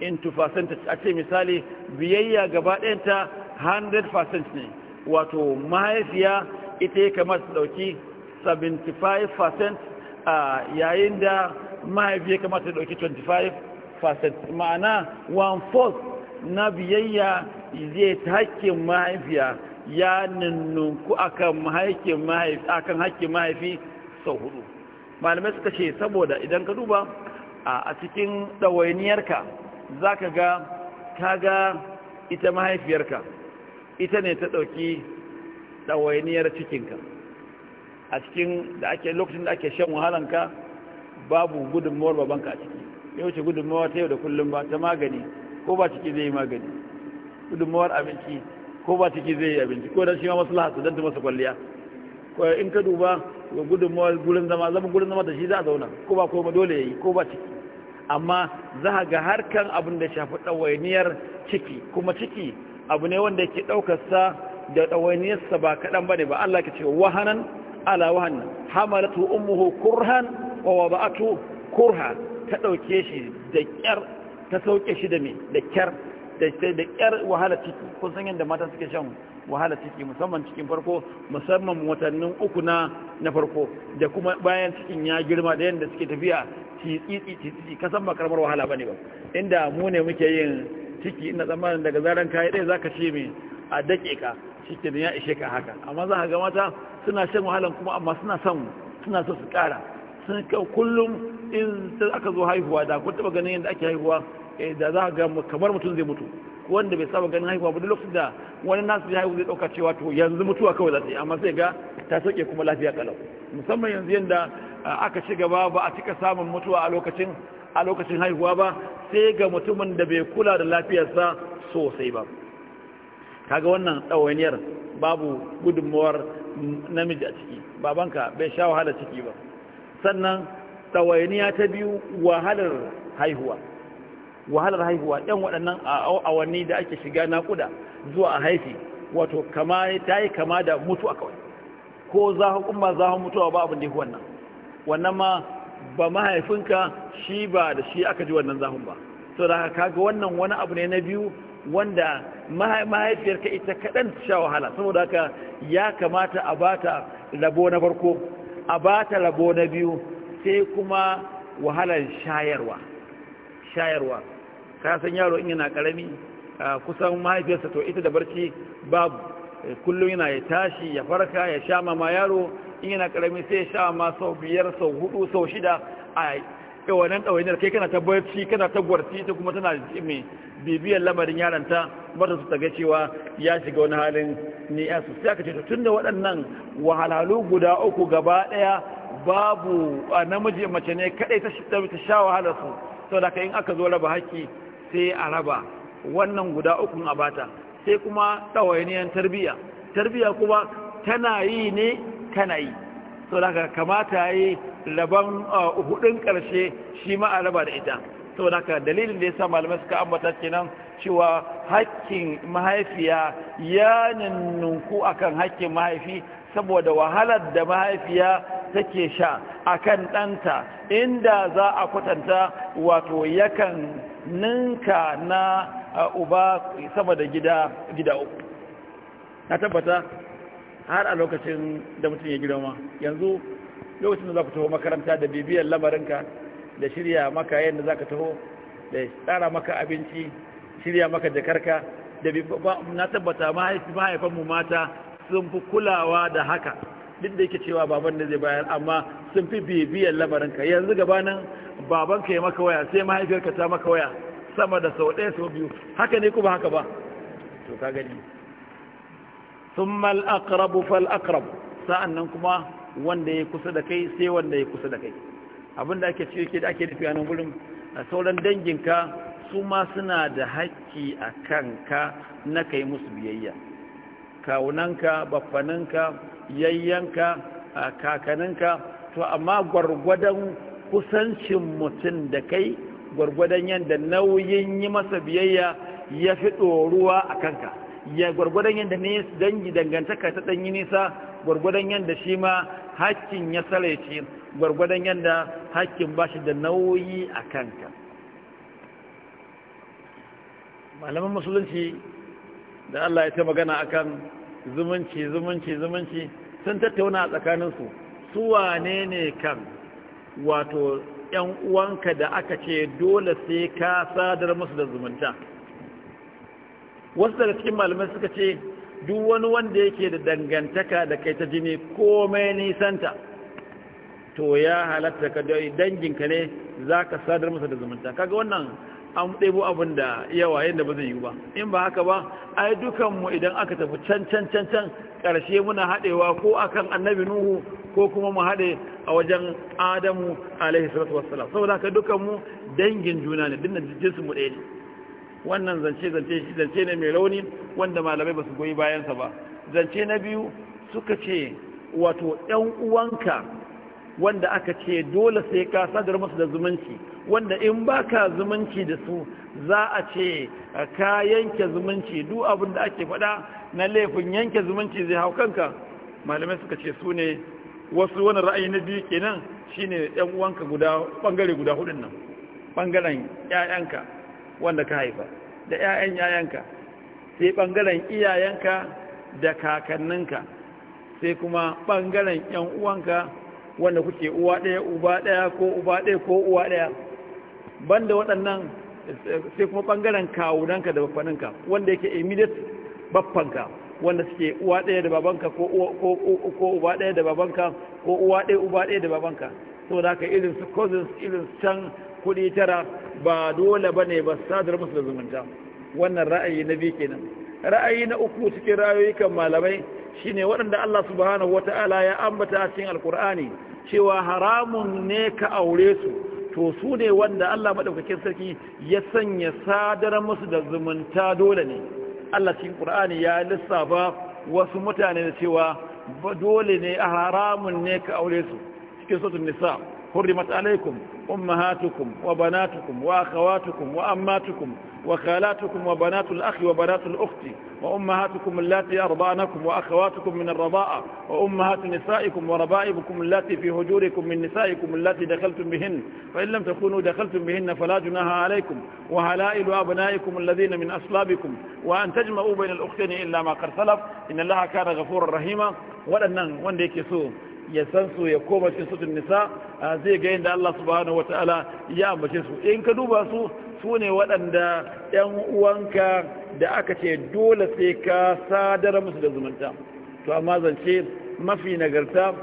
into percentage a ce misali biyayya gaba ɗayanta 100% ne wato mahaifiya ita ya kamata su ɗauki 75% a yayin da mahaifiya kama su ɗauki 25% ma'ana one-fourth na biyayya zai ta haƙƙin mahaifiya ya nannunku akan haƙƙin mahaifi sau hudu malamai suka ce saboda idan ka duba a cikin ɗawainiyarka za ka ga kaga ita mahaifiyarka ita ne ta ɗauki ɗawainiyar cikinka a cikin da ake lokacin da ake shan wahalanka babu gudunmawar babanka a ciki ya wuce gudunmawa ta yau da kullum ba ta magani ko ba ciki zai yi magani gudunmawar abinci ko ba ciki zai yi abinci ko don shi ma masu lahasa don ta masa kwalliya ko in ka duba ga gudunmawar gurin zama zama gurin zama da shi za a zauna ko ba ko dole ya yi ko ba ciki amma za a ga harkar abin da shafi ɗawainiyar ciki kuma ciki abu ne wanda yake ɗaukarsa da ɗawainiyarsa ba kaɗan ba ne ba Allah ke ce wahanan ala wahanan hamalatu umuhu kurhan wa wada'atu kurha ta ɗauke shi da ƙyar ta sauke shi da me da ƙyar da ƙyar wahala ciki kun san yadda mata suke shan wahala ciki musamman cikin farko musamman watannin uku na na farko da kuma bayan cikin ya girma da yadda suke tafiya titi kasan ba wahala bane ba inda mu ne muke yin ciki ina tsammanin daga zaran kayi ɗaya zaka ce me a dake ka cikin ya ishe ka haka amma za ka ga mata suna shan wahalan kuma amma suna son suna so su kara sun kullum in aka zo haihuwa da kun taɓa ganin yadda ake haihuwa eh, da za ka ga kamar mutum zai mutu wanda bai saba ganin haihuwa ba duk lokacin da wani nasu ya haihu zai dauka cewa to yanzu mutuwa kawai za ta yi amma sai ga ta sauke kuma lafiya kalau musamman yanzu yadda aka ci gaba ba a cika samun mutuwa a lokacin a lokacin haihuwa ba sai ga mutumin da bai kula da lafiyarsa sosai ba kaga wannan ɗawainiyar babu gudunmawar namiji a ciki babanka bai sha wahalar ciki ba sannan ɗawainiya ta biyu wahalar haihuwa wahalar haihuwa ɗan waɗannan awanni da ake shiga naƙuda zuwa a haifi wato ta yi kama da mutu a kawai ko kuma zahon mutuwa ba abin da yi wannan wannan ma ba mahaifinka shi ba da shi aka ji wannan zahun ba so da kaga wannan wani abu ne na biyu wanda mahaifiyarka ita kaɗan sha wahala saboda haka ya kamata a ba ta labo na farko a ba ta labo na biyu sai kuma wahalar shayarwa ka san yaro in yana karami kusan mahaifiyarsa to ita da barci babu kullum yana ya tashi ya farka ya sha mama yaro in yana karami sai ya sha ma sau biyar sau hudu sau shida a wannan ɗawainiyar kai kana ta kana ta ta kuma tana mai bibiyar lamarin yaranta mata su taga cewa ya shiga wani halin ni ya sai aka ce tun da waɗannan wahalhalu guda uku gaba ɗaya babu namiji mace ne kaɗai ta sha wahalarsu sau da in aka zo raba haƙƙi sai a raba wannan guda uku a bata sai kuma ɗawainiyan tarbiya tarbiya kuma tana yi ne tana yi so da kamata yi rabon hudun karshe shi ma a raba da ita so da dalilin da ya sa malamai suka ambata kenan cewa hakkin mahaifiya ya nannunku akan hakkin mahaifi saboda wahalar da mahaifiya take sha akan ɗanta inda za a kwatanta wato yakan ninka na uba sama da gida gida uku na tabbata har a lokacin da mutum ya girma yanzu lokacin da za ku taho makaranta da bibiyar lamarinka da shirya maka yadda za ka taho da tsara maka abinci shirya maka jakarka da na tabbata mahaifanmu mata sun fi kulawa da haka duk da yake cewa baban da zai bayar amma sun fi bibiyar lamarinka yanzu gabanin babanka ya maka waya sai mahaifiyarka ta maka waya sama da sau ɗaya sau biyu haka ne kuma haka ba to ka gani thumma al-aqrabu fal-aqrab nan kuma wanda ya kusa da kai sai wanda ya kusa da kai abinda ake ce yake da ake nufi a nan A sauran danginka su ma suna da haƙƙi a ka na kai musu biyayya kawunanka baffaninka yayyanka kakaninka to amma gwargwadon kusancin mutum da kai gwargwadon yadda nauyin yi masa biyayya ya fi ɗoruwa a kanka ya gwargwadon yadda ne dangi dangantaka ta ɗanyi nisa gwargwadon yadda shi ma hakkin ya tsaraici. gwargwadon yadda hakkin ba shi da nauyi a kanka malaman musulunci da Allah ya ta magana akan zumunci zumunci zumunci sun tattauna a tsakaninsu su wane ne kan wato ‘yan uwanka da aka ce dole sai ka sadar musu da zumunta wasu daga cikin malamai suka ce duk wani wanda yake da dangantaka da kai ta jini komai nisanta to ya halatta ka danginka ne za ka sadar musu da zumunta kaga wannan an ɗebo abin da yawa yadda ba zai yi ba in ba haka ba ai dukanmu idan aka tafi can can can can ƙarshe muna haɗewa ko akan annabi nuhu ko kuma mu haɗe a wajen adamu alaihi salatu wassalam saboda haka dukan mu dangin juna ne dinnan jinsu mu ɗaya ne wannan zance zance shi zance ne mai rauni wanda malamai ba su goyi bayansa ba zance na biyu suka ce wato ɗan uwanka wanda aka ce dole sai ka sadar masu da zumunci wanda in ba ka zumunci da su za a ce ka yanke zumunci duk abin da ake faɗa na laifin yanke zumunci zai hau kanka malamai suka ce su ne wasu wani ra'ayi na biyu kenan shine ɗan uwanka guda bangare guda hudun nan bangaren ƴaƴanka wanda ka haifa da ƴaƴan ƴaƴanka sai bangaren iyayenka da kakanninka sai kuma bangaren ƴan uwanka wanda kuke uwa ɗaya uba ɗaya ko uba ɗaya ko uwa ɗaya banda waɗannan sai kuma bangaren kawunanka da baffaninka wanda yake immediate baffanka wanda suke uwa ɗaya da babanka ko uba ɗaya da babanka ko uwa ɗaya uba ɗaya da babanka so da ka irin su cousins irin can kuɗi tara ba dole ba ne ba sadar musu da zumunta wannan ra'ayi na biyu kenan ra'ayi na uku cikin ra'ayoyikan malamai shine waɗanda Allah subhanahu wata'ala ya ambata a cikin alkur'ani cewa haramun ne ka aure su to su ne wanda Allah maɗaukakin sarki ya sanya sadar musu da zumunta dole ne Allah cikin Qur'ani ya lissafa wasu mutane da cewa dole ne haramun ne ka aure su cikin suratul nisa hurrimat alaikum أمهاتكم وبناتكم وأخواتكم وأماتكم وخالاتكم وبنات الأخ وبنات الأخت وأمهاتكم اللاتي أرضانكم وأخواتكم من الرضاء وأمهات نسائكم وربائبكم اللاتي في هجوركم من نسائكم اللاتي دخلتم بهن فإن لم تكونوا دخلتم بهن فلا جناها عليكم وهلائل أبنائكم الذين من أصلابكم وأن تجمعوا بين الأختين إلا ما قد سلف إن الله كان غفورا رحيما ولنن وندي ya san su ya koma cikin sutun nisa a zai ga yadda Allah subhanahu wataala ya ambace su in ka duba su su ne waɗanda ‘yan uwanka da aka ce dole sai ka sadar musu da zumunta to amma zance mafi nagarta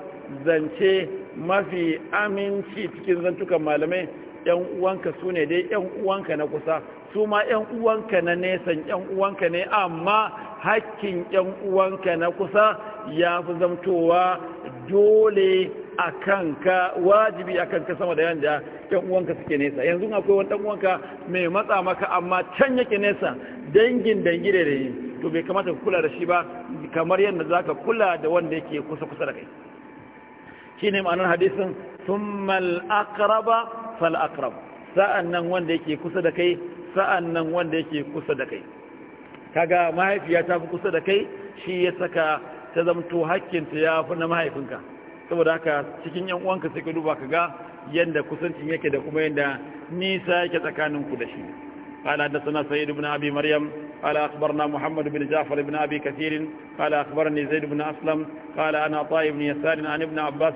zance mafi aminci cikin zantukan malamai ‘yan uwanka su ne dai ‘yan uwanka na kusa su ma ‘yan uwanka na nesan ‘yan uwanka ne amma hakkin ‘yan uwanka na kusa ya fi zamtowa dole a kanka wajibi a kanka sama da yanda ‘yan uwanka suke nesa yanzu akwai wani ɗan uwanka mai matsa maka amma can yake nesa dangin dangi da to bai kamata ka kula da shi ba kamar yadda za ka kula da wanda yake kusa-kusa da kai shine ma'anar hadisin sun mal'akaraba fal akrab sa'annan wanda yake kusa da kai sa'annan wanda yake kusa da kai kaga mahaifiya ta fi kusa da kai shi ya saka ta zamto hakkinta ya fi na mahaifinka saboda haka cikin yan uwanka sai ka duba ka ga yanda kusancin yake da kuma yanda nisa yake tsakaninku da shi قال حدثنا سيد بن أبي مريم قال أخبرنا محمد بن جعفر بن أبي كثير قال أخبرني زيد بن أسلم قال أنا عطاء بن يسار عن ابن عباس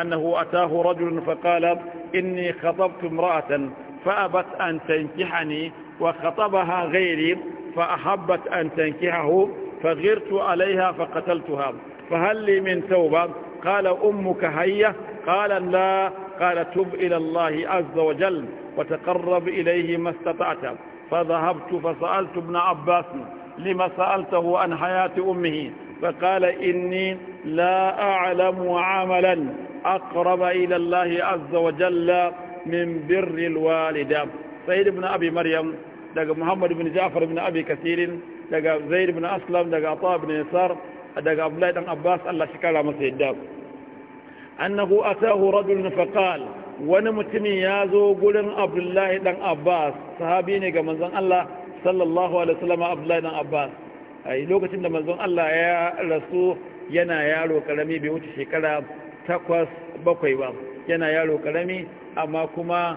أنه أتاه رجل فقال إني خطبت امرأة فأبت أن تنكحني وخطبها غيري فأحبت أن تنكحه فغرت عليها فقتلتها فهل لي من توبة قال أمك هية قال لا قال تب إلى الله عز وجل وتقرب إليه ما استطعت فذهبت فسألت ابن عباس لما سألته عن حياة أمه فقال إني لا أعلم عملا أقرب إلى الله عز وجل من بر الوالدة سيد ابن أبي مريم دقى محمد بن جعفر بن أبي كثير دقى زيد بن أسلم دقى عطاء بن يسار دقى عبد الله بن عباس الله شكرا مسيدا أنه أتاه رجل فقال wani mutumin ya zo gurin abdullahi dan abbas sahabi ne ga manzon Allah sallallahu alaihi wasallam abdullahi dan abbas ai lokacin da manzon Allah ya rasu yana yaro karami bai wuce shekara takwas bakwai ba yana yaro karami amma kuma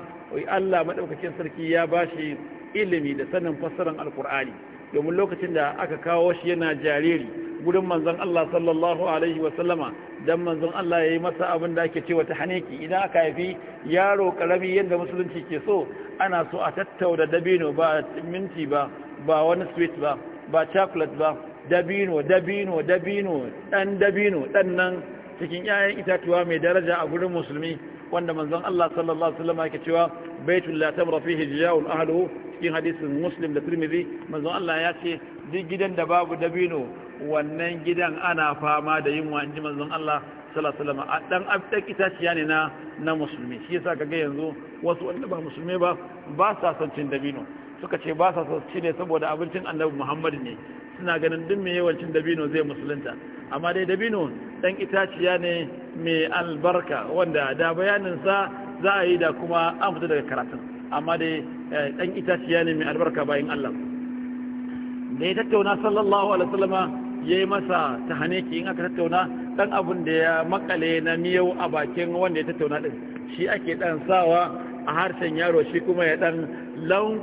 Allah madaukakin sarki ya bashi ilimi da sanin fassaran alkur'ani domin lokacin da aka kawo shi yana jariri gurin manzon Allah sallallahu alaihi wasallama dan manzon Allah ya yi masa abin da ake cewa ta haneki idan aka haifi yaro karami yadda musulunci ke so ana so a tattauna dabino ba minti ba ba wani sweet ba ba chocolate ba dabino dabino dabino dan dabino dan nan cikin 'ya'yan itatuwa mai daraja a gurin musulmi wanda manzon Allah sallallahu alaihi wasallam cewa baitul la tamra fihi ahlu cikin hadisin muslim da tirmidhi manzon Allah ya ce duk gidan da babu dabino wannan gidan ana fama da yin wa'anji Allah salasalama. a ɗan itaciya ne na na musulmi shi yasa kaga yanzu wasu wanda ba musulmi ba ba sa son cin dabino suka ce ba sa son cin ne saboda abincin annabi Muhammad ne suna ganin duk mai yawan cin dabino zai musulunta amma dai dabino ɗan itaciya ne mai albarka wanda da bayanin sa za a yi da kuma an fita daga karatun amma dai ɗan eh, itaciya ne mai albarka bayan Allah da ya tattauna sallallahu alaihi wasallama yayi masa ta ki in aka tattauna dan abun da ya makale na miyau a bakin wanda ya tattauna din shi ake dan sawa a harshen yaro shi kuma ya dan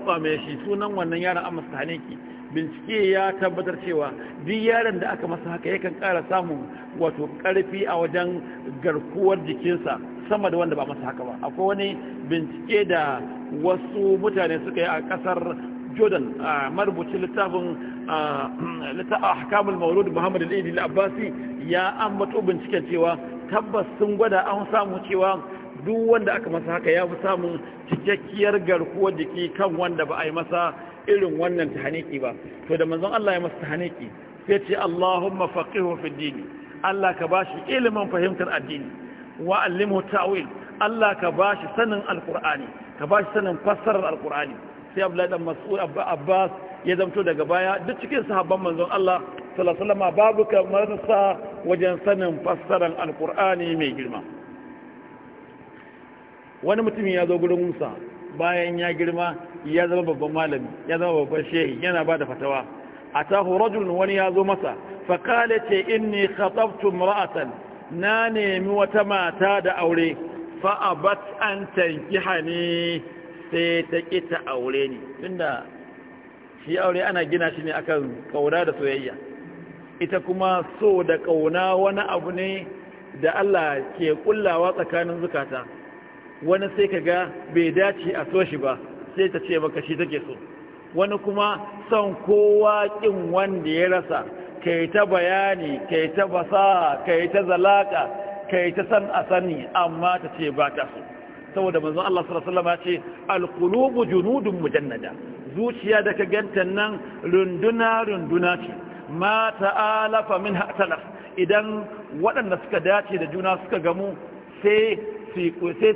mai shi sunan wannan yaron an masa ki bincike ya tabbatar cewa duk yaron da aka masa haka yakan ƙara samun wato karfi a wajen garkuwar jikinsa sama da wanda ba masa haka ba akwai wani bincike da wasu mutane suka yi a ƙasar jordan marubucin littafin ahkamul maulud muhammad al abbasi ya ambato binciken cewa tabbas sun gwada an samu cewa duk wanda aka masa haka ya fi samun cikakkiyar garkuwar jiki kan wanda ba yi masa irin wannan tahaniki ba to da manzon Allah ya masa tahaniki sai ce Allahumma faqihu fi dini Allah ka bashi ilimin fahimtar addini wa allimhu Allah ka bashi sanin alkur'ani ka bashi sanin fassarar alkur'ani. sai abdullahi dan mas'ud abbas ya zamto daga baya duk cikin sahabban manzon Allah sallallahu alaihi wasallam babu kamar sa wajen sanin fassaran alqur'ani mai girma wani mutum ya zo gurin Musa bayan ya girma ya zama babban malami ya zama babban shehi yana bada fatawa atahu rajul wani ya zo masa fa qala ce inni khatabtu imra'atan na nemi wata mata da aure fa abat an tankihani sai ta ƙi ta aure ne, tunda shi aure ana gina shi ne akan kauna da soyayya ita kuma so da ƙauna wani abu ne da Allah ke kullawa tsakanin zukata wani sai ka ga bai dace a so shi ba sai ta ce maka shi take so wani kuma son kowa ƙin wanda ya rasa kai ta bayani kai ta fasaha kai ta zalaka kai ta san a sani amma ta ce ba ta so saboda manzon Allah sallallahu alaihi wasallam ya ce alqulubu junudun mujannada zuciya da ka ganta nan runduna runduna ce ma ta'alafa minha talaf idan waɗanda suka dace da juna suka gamu sai sai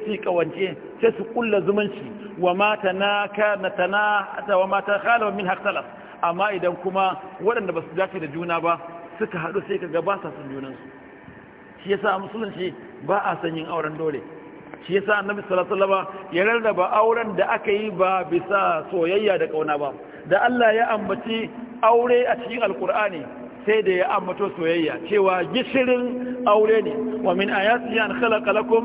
su kawance sai su kulla zumunci wa mata na tana wa mata khalawa min haktalaf amma idan kuma waɗanda ba su dace da juna ba suka haɗu sai ka gabata sun junansu shi yasa musulunci ba a san yin auren dole shi sa annabi sallallahu ba, ya rarraba auren da aka yi ba bisa soyayya da kauna ba da Allah ya ambaci aure a cikin alkur'ani sai da ya ambato soyayya cewa gishirin aure ne wa min ayati an khalaqa lakum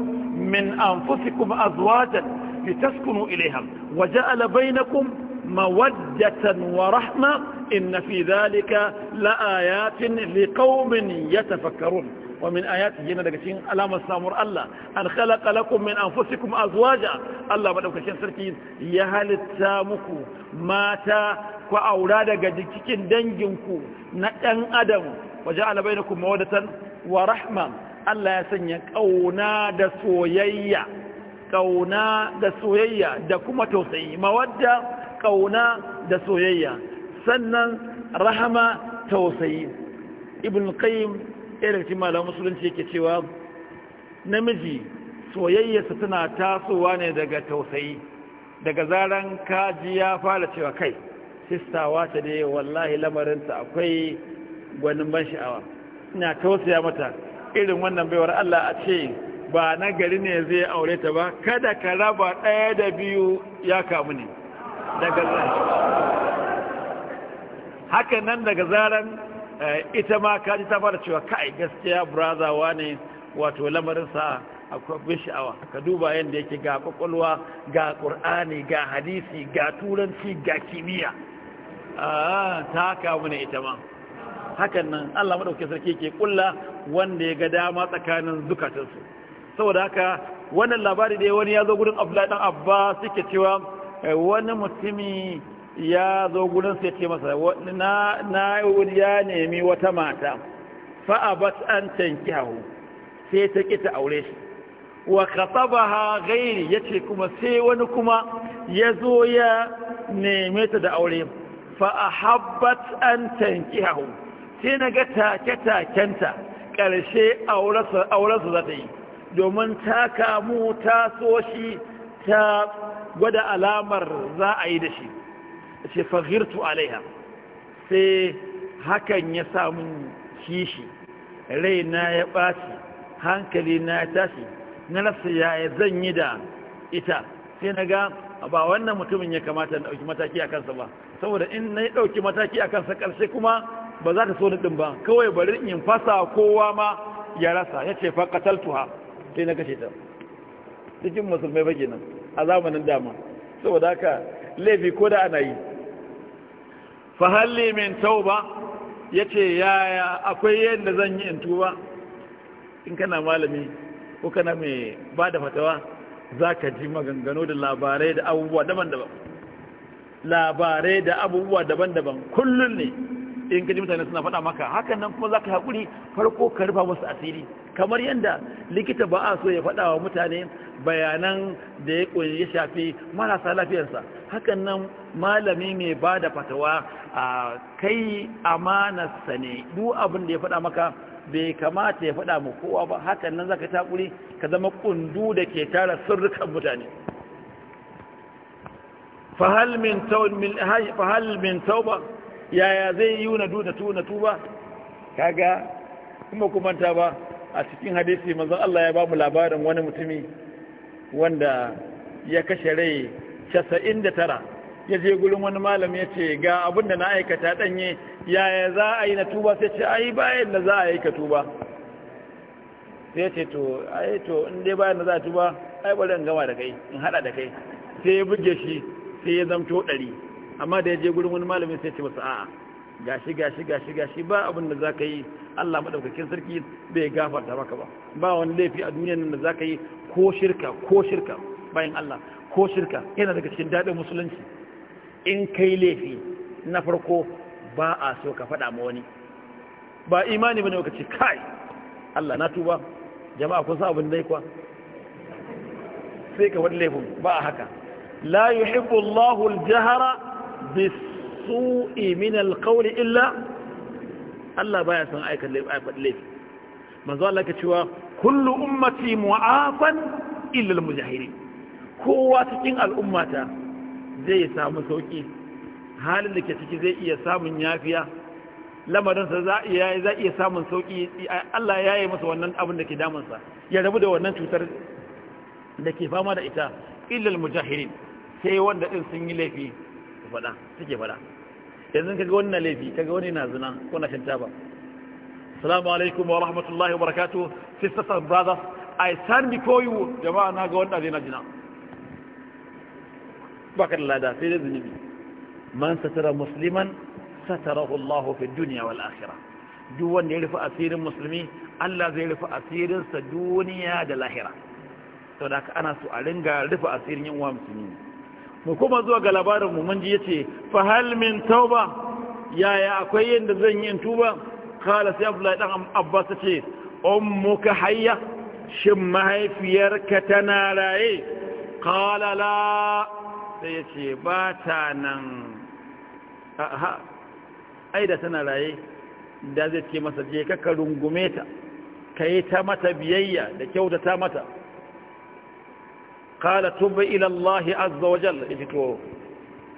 min anfusikum azwajan litaskunu ilayha wa ja'ala bainakum mawaddatan wa rahma inna fi dhalika laayatin liqaumin yatafakkarun wa min ayati yana daga cikin alamar samuwar Allah an khalaqa lakum min anfusikum azwaja Allah madaukakin sarki ya halitta muku mata ku aura daga cikin danginku na dan adam waja'ala bainakum mawadatan wa rahma Allah ya sanya ƙauna da soyayya Ƙauna da soyayya da kuma tausayi mawadda Ƙauna da soyayya sannan rahama tausayi ibn qayyim ɗaya malamin musulunci yake cewa namiji soyayyarsa tana tasowa ne daga tausayi daga zaran kaji ya fara cewa kai sistawa ta dai wallahi lamarinta akwai gwanin ban sha'awa na tausaya mata irin wannan baiwar Allah a ce ba na gari ne zai aure ta ba kada ka raba ɗaya da biyu ya kamu ne daga haka nan daga zaran Eh, ita ma kaji ta fara cewa kai gaskiya burazawa ne wato lamarinsa akwai bin sha'awa ka duba yadda yake ga kwakwalwa ga ƙur'ani ga hadisi ga turanci ga kimiyya ah, ta haka mana ita ma hakan nan allah maɗauki sarki ke ƙulla wanda ya ga dama tsakanin zukatansu saboda haka wannan labari da wani ya zo gudun abdullahi dan abba suke cewa eh, wani mutumi ya zo gudun sai ce masa na ya nemi wata mata fa abat an tankihu sai ta ki aure shi wa gairi ya ce kuma sai wani kuma ya zo ya neme ta da aure fa ahabbat an hahu sai na ga take takenta ƙarshe aure su za ta yi domin ta kamu ta so shi ta gwada alamar za a yi da shi sai faghirtu alaiha sai hakan ya sa samun kishi na ya ɓaci hankali na ya tashi na rasa ya zan yi da ita sai na ga ba wannan mutumin ya kamata na ɗauki mataki a kansa ba saboda in na yi ɗauki mataki a kansa ƙarshe kuma ba za ta so ɗin ba kawai bari in fasa kowa ma ya rasa ya ce faƙataltuha sai na kashe ta cikin musulmai ba kenan a zamanin dama saboda haka laifi ko da ana yi fa min tauba yace yaya akwai yadda zan yi in tuba in kana malami ko kana mai ba da fatawa zaka ji maganganu da labarai da abubuwa daban-daban labarai da abubuwa daban-daban kullun ne in ka ji mutane suna faɗa maka hakan nan kuma zaka haƙuri farko ka rufa wasu asiri kamar yadda likita ba a so ya faɗa wa mutane bayanan da ya koyi shafi marasa lafiyarsa hakan nan malami mai ba da fatawa a kai amanarsa ne duk abin da ya faɗa maka bai kamata ya faɗa mu kowa ba hakan nan zaka takuri ka zama ƙundu da ke tara sirrukan mutane fahal min tauba yaya zai yi na tuba kaga kuma kumanta ba a cikin hadisi manzon Allah ya ba mu labarin wani mutumi wanda ya kashe rai 99 ya je gurin wani malam ya ce ga abin da na aikata danye yaya za a yi na tuba sai ce ai bayan da za a yi ka tuba sai ce to ai to in dai bayan da za a tuba ai bari in gama da kai in hada da kai sai ya buge shi sai ya zamto dari amma da ya je gurin wani malami sai ce masa a'a gashi gashi gashi gashi ba abin da yi Allah maɗaukakin sarki bai gafarta maka ba ba wani laifi a duniya nan da za yi ko shirka ko shirka bayan Allah ko shirka yana daga cikin daɗin musulunci in kai laifi na farko ba a so ka faɗa ma wani ba imani bane ka ce kai Allah na tuba jama'a kun san abin dai kuwa sai ka wani laifin ba a haka la yuhibbu Allahu al-jahra bis su min kauri illa Allah baya san aikata laifi manzo Allah ka cewa kullu ummati mu'afan illa al-mujahiri kowa cikin al'ummata zai samu sauki halin da ke ciki zai iya samun yafiya lamarinsa za iya samun sauƙi Allah ya yi masa wannan abin da ke damunsa ya rabu da wannan cutar da ke fama da ita illar mujahiri sai wanda ɗin sun yi laifi fada suke faɗa yanzu kaga wani na laifi kaga wani na zina ko na shan taba assalamu alaikum wa rahmatullahi wa barakatuh sisters and brothers i stand before you jama'a na ga na zina baka da lada sai dai zunubi man satara musliman satarahu Allah fi dunya wal akhirah duk wanda ya rufe asirin musulmi Allah zai rufe asirin sa duniya da lahira saboda haka ana so a ringa rufe asirin yin wa musulmi mu kuma zuwa ga labarin mu mun ji yace fa hal min tauba yaya akwai yanda zan yi tuba kala sai abdullahi dan abbas ce ummuka hayya shin mahaifiyarka tana raye kala la sai yace ba ta nan aha ai da tana raye da zai ce masa je ka rungume ta kai ta mata biyayya da kyautata mata qala tub ila Allah azza wa jalla in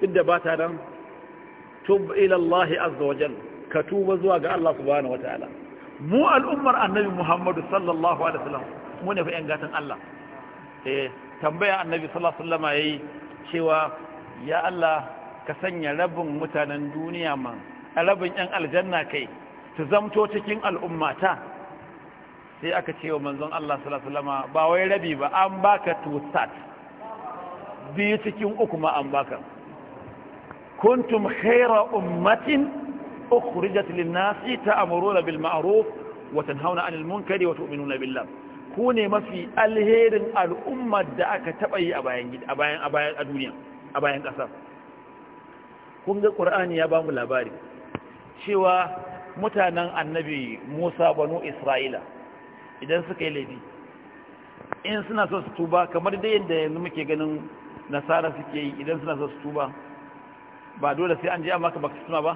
inda ba ta nan tub ilallahi Allah ka tuba zuwa ga Allah subhanahu wataala mu al'ummar annabi Muhammadu sallallahu alaihi wasallam mu ne fa yan gatan Allah eh tambaya annabi sallallahu alaihi wasallam yayi cewa ya Allah ka sanya rabin mutanen duniya ma, rabin yan aljanna kai su zamto cikin al'ummata sai aka ce wa manzon Allah sallallahu ba wai rabi ba an baka tusat biyu cikin uku ma an baka kuntum khaira ummatin ukhrijat lin-nasi ta'muruna bil ma'ruf wa tanhauna 'anil munkari wa tu'minuna billah ku ne mafi alherin al'ummar da aka taba yi a bayan a bayan a bayan a duniya a bayan kasa kun ga qur'ani ya bamu labari cewa mutanen annabi Musa banu Isra'ila idan suka yi laifi in suna so su tuba kamar dai yadda yanzu muke ganin nasara suke yi idan suna so su tuba ba dole sai an je an maka suna ba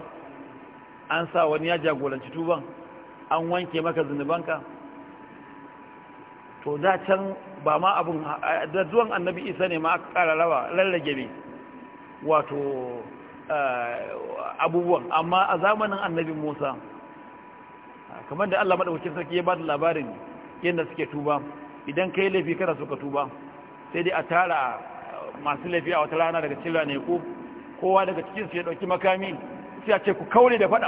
an sa wani ya jagoranci tuban an wanke maka zunubanka to da can ba ma abin da zuwan annabi isa ne ma aka kara rawa rarrage ne wato eh, abubuwan amma a zamanin annabi musa kamar da allah maɗaukacin sarki ya ba da labarin yadda suke tuba idan kai laifi kada suka tuba sai dai a tara masu laifi a wata rana daga cilla ne ku kowa daga cikin su ya dauki makami sai a ce ku kaure da fada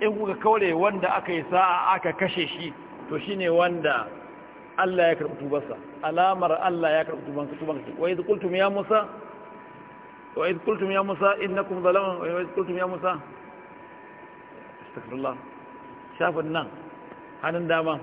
in kuka kaure wanda aka yi sa'a aka kashe shi to shi ne wanda Allah ya karɓi tubarsa alamar Allah ya karɓi tubansa tubansa wa yi zukultu ya musa wa yi zukultu ya musa kuma zalama wa yi zukultu ya musa shafin nan hannun dama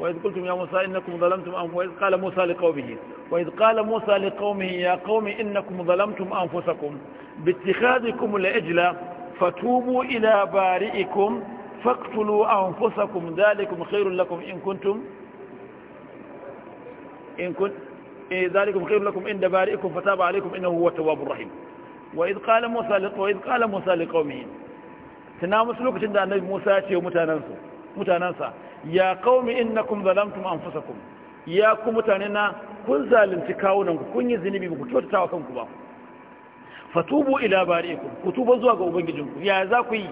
وإذ قلتم يا موسى إنكم ظلمتم أنفسكم وإذ قال موسى لقومه وإذ قال موسى لقومه يا قوم إنكم ظلمتم أنفسكم باتخاذكم العجل فتوبوا إلى بارئكم فاقتلوا أنفسكم ذلكم خير لكم إن كنتم إن كنت إيه ذلكم خير لكم عند بارئكم فتاب عليكم إنه هو التواب الرحيم وإذ قال موسى وإذ قال موسى لقومه تنامس لوكتين da annabi موسى ya ce متى ننسى ya qaumi innakum zalamtum anfusakum ya ku mutane na kun zalunci kawunan ku kun yi zunubi ku kyautata wa kanku ba fatubu ila bari'ikum ku tuba zuwa ga ubangijinku ya za ku yi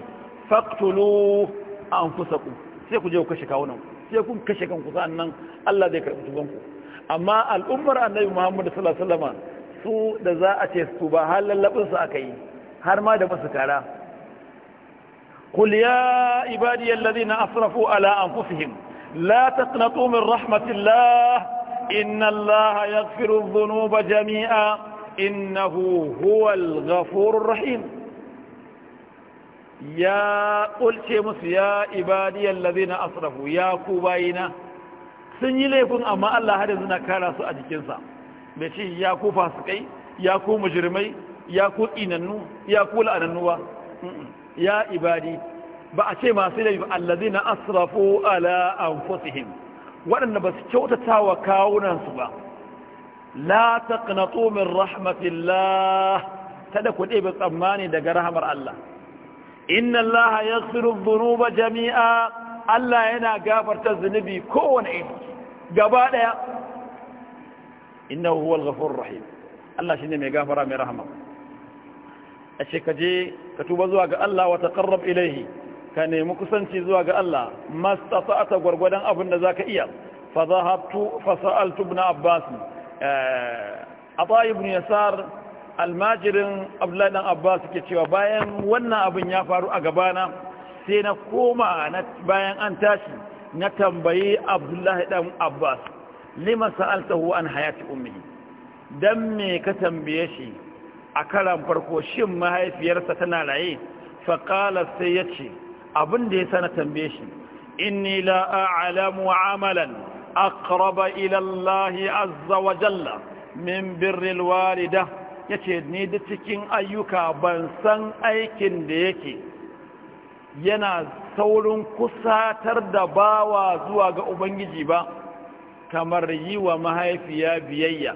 faqtulu anfusakum sai ku je ku kashe kawunan ku sai kun kashe kanku sannan Allah zai karɓi tuban ku amma al'ummar annabi Muhammad sallallahu alaihi wasallam su da za a ce su ba har su aka yi har ma da masu kara قل يا عبادي الذين ala على أنفسهم لا تقنطوا من رحمة الله إن الله يغفر الذنوب جميعا إنه هو الغفور الرحيم ya ƙulce musu ya ibadiyar lazina asrafu ya ku bayina sun yi laifin amma Allah har yanzu kara su a jikinsa mai ce ya ku fasikai ya ku mujirmai ya ya ibadi ba a ce masu laifi allazi na asrafu ala anfusihim waɗanda ba su kyautata wa kawunansu ba la taqnatu min rahmatillah da ku ɗebe tsammani daga rahamar Allah inna Allah yaghfiru dhunuba jami'a Allah yana gafarta zunubi kowane iri gaba daya innahu huwal ghafurur rahim Allah ne mai gafara mai rahama ashe kaje ka tuba zuwa ga Allah wa taqarrab ilayhi ka nemi kusanci zuwa ga Allah mastata'ata gurgurdan abin da zaka iya fa zahabtu fa sa'altu ibn Abbas eh, Ata ibn Yasar almajirin Abdullahi dan Abbas ke cewa bayan wannan abin ya faru a gabana sai na koma bayan an tashi na tambayi Abdullahi dan Abbas lima sa'altahu an hayati ummihi dan me ka tambaye shi a karan farko shin mahaifiyarsa tana raye faƙala sai ya ce abin da ya sana tambaye shi inni la a'lamu amalan Akraba ila Allah azza wa jalla min birril walida yace ni da cikin ayyuka ban san aikin da yake yana saurin kusatar da bawa zuwa ga ubangiji ba kamar yi wa mahaifiya biyayya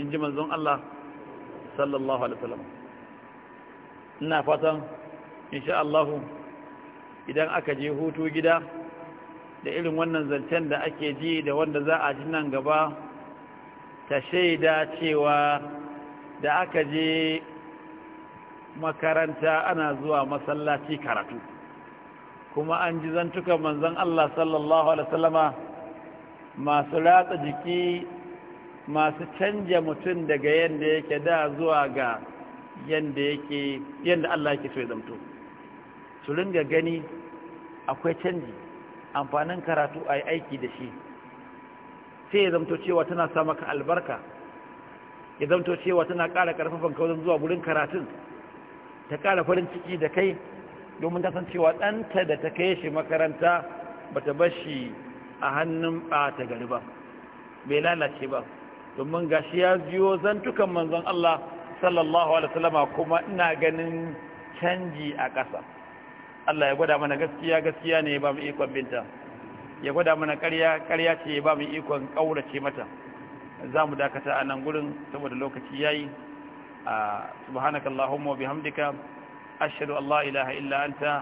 in ji manzon Allah sallallahu alaihi wasallam ina fatan insha Allah idan aka je hutu gida da irin wannan zancen da ake ji da wanda za a ji nan gaba ta shaida cewa da aka je makaranta ana zuwa masallaci karatu kuma an ji zantuka manzon Allah sallallahu alaihi wasallama masu ratsa jiki masu canja mutum daga yadda yake da zuwa ga yadda yake yadda Allah yake so ya zamto su ringa gani akwai canji amfanin karatu a yi aiki da shi sai ya zamto cewa tana sa maka albarka ya zamto cewa tana ƙara ƙarfafan kawai zuwa wurin karatun ta ƙara farin ciki da kai domin ta san cewa ɗanta da ta kai shi makaranta ba ta bashi a hannun ɓata gari ba bai lalace ba domin shi ya jiyo zantukan manzon Allah sallallahu alaihi wasallama kuma ina ganin canji a ƙasa Allah ya gwada mana gaskiya gaskiya ne ba mu ikon binta ya gwada mana ƙarya ƙarya ce ba mu ikon ƙaurace mata za mu dakata a nan gurin saboda lokaci yayi subhanakallahumma wa bihamdika ashhadu an la ilaha illa anta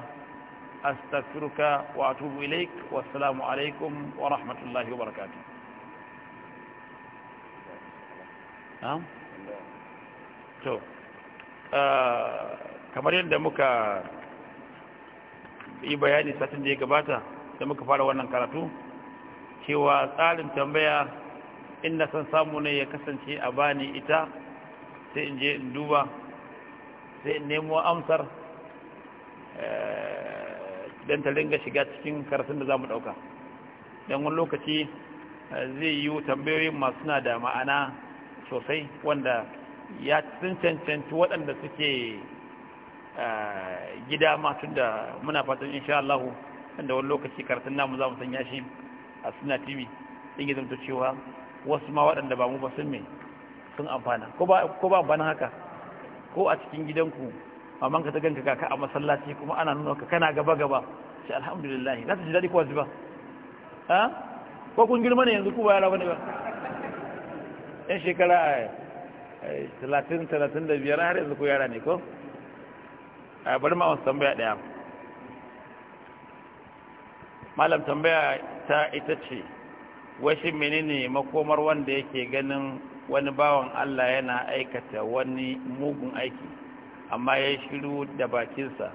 Ilaik. Wa إليك alaikum wa rahmatullahi wa وبركاته to ah, kamar yadda muka yi bayani satin da ya gabata da muka fara wannan karatu cewa tsarin tambaya inda san samu ne ya kasance a bani ita sai in je in duba sai in nemo amsar eh, don ta dinga shiga cikin karatun da za mu ɗauka don wani lokaci eh, zai yi tambayoyin masu na da ma'ana sosai wanda ya sun cancanci waɗanda suke gida masu da muna fatan insha Allah wanda wani lokaci karatun namu za mu sanya shi a suna tv sun yi zamta cewa wasu ma waɗanda ba mu ba sun mai sun amfana ko ba amfanin haka ko a cikin gidanku maman ka ta ganka kaka a masallaci kuma ana nuna ka kana gaba gaba sai alhamdulillah za ta ji daɗi ko wasu ba ko kun girma ne yanzu ku ba yara bane ba yan shekara eh, talatin talatin da biyar har yanzu ko yara ne ko a eh, bari ma wasu tambaya ɗaya malam tambaya ta ita ce washin menene makomar wanda yake ganin wani bawan Allah yana aikata wani mugun aiki amma ya shiru da bakinsa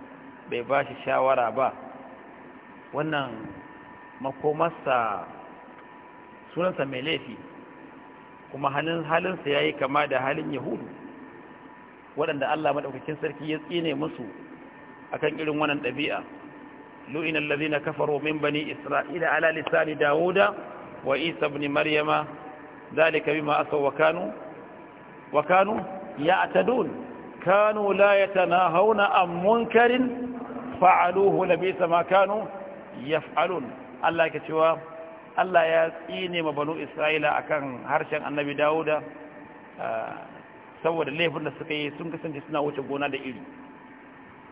bai ba shi shawara ba wannan makomarsa sunansa mai laifi kuma halin halinsa ya yi kama da halin yahudu waɗanda allah maɗaukakin sarki ya tsine musu akan irin wannan ɗabi'a lu'in na kafaru min bani isra'ila ala lisani dawuda wa isa ibn maryama zalika bima asaw wa kanu wa kanu ya'tadun kanu la yatanahawna an munkarin fa'aluhu labisa ma kanu yaf'alun allah ke cewa Allah ya tsine ma banu Isra'ila akan harshen Annabi Dawuda ah, saboda laifin da suka yi sun kasance suna wuce gona da iri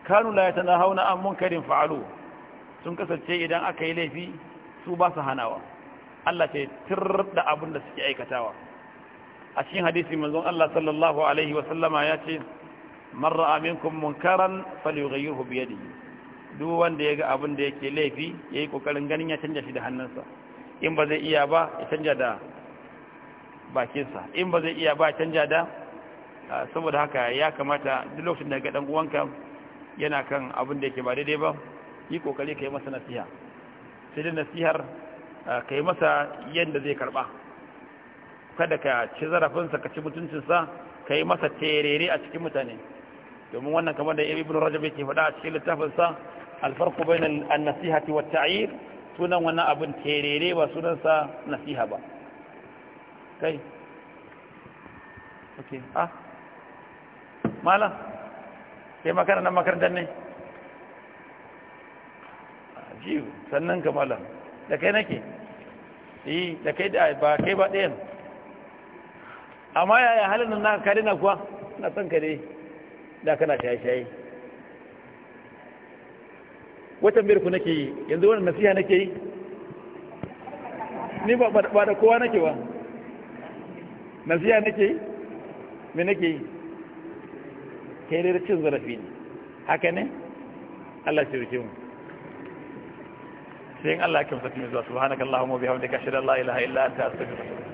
kanu la yatanahawna an munkarin fa'alu sun kasance idan aka yi laifi su ba su hanawa Allah ce tir abin da suke aikatawa a cikin hadisi manzon Allah sallallahu alaihi wa sallama ya ce man ra'a minkum munkaran falyughayyirhu bi yadihi duk wanda ya ga abin da yake laifi yayi kokarin ganin ya canja shi da hannunsa in ba zai iya ba ya canja da bakinsa in ba zai iya ba ya canja da saboda haka ya kamata duk lokacin da ga dan uwanka yana kan abin da yake ba daidai ba yi kokari ka yi masa nasiha sai dai nasihar ka yi masa yadda zai karba kada ka ci zarafinsa ka ci mutuncinsa ka yi masa terere a cikin mutane domin wannan kamar da ibn rajab yake faɗa a cikin littafinsa alfarqu bainan an-nasihati wat-ta'yir sunan wannan abin terere ba sunansa nasiha ba kai ok ah mala sai makana nan makarantar ne jiyu sannan ka mala da kai nake yi eh, da kai da ba kai ba ɗayan amma yaya halin nan na kare na kuwa na san ka dai da kana shaye-shaye wata ku nake yi yanzu wani nasiha nake yi ni ba da kowa nake ba nasiha nake yi mai nake yi kairar cin zarafi ne haka ne Allah shi rikin sayin Allah ya kamsa kuma zuwa subhanakallahumma bihamdika ashhadu Allah la ilaha illa ta astaghfiruka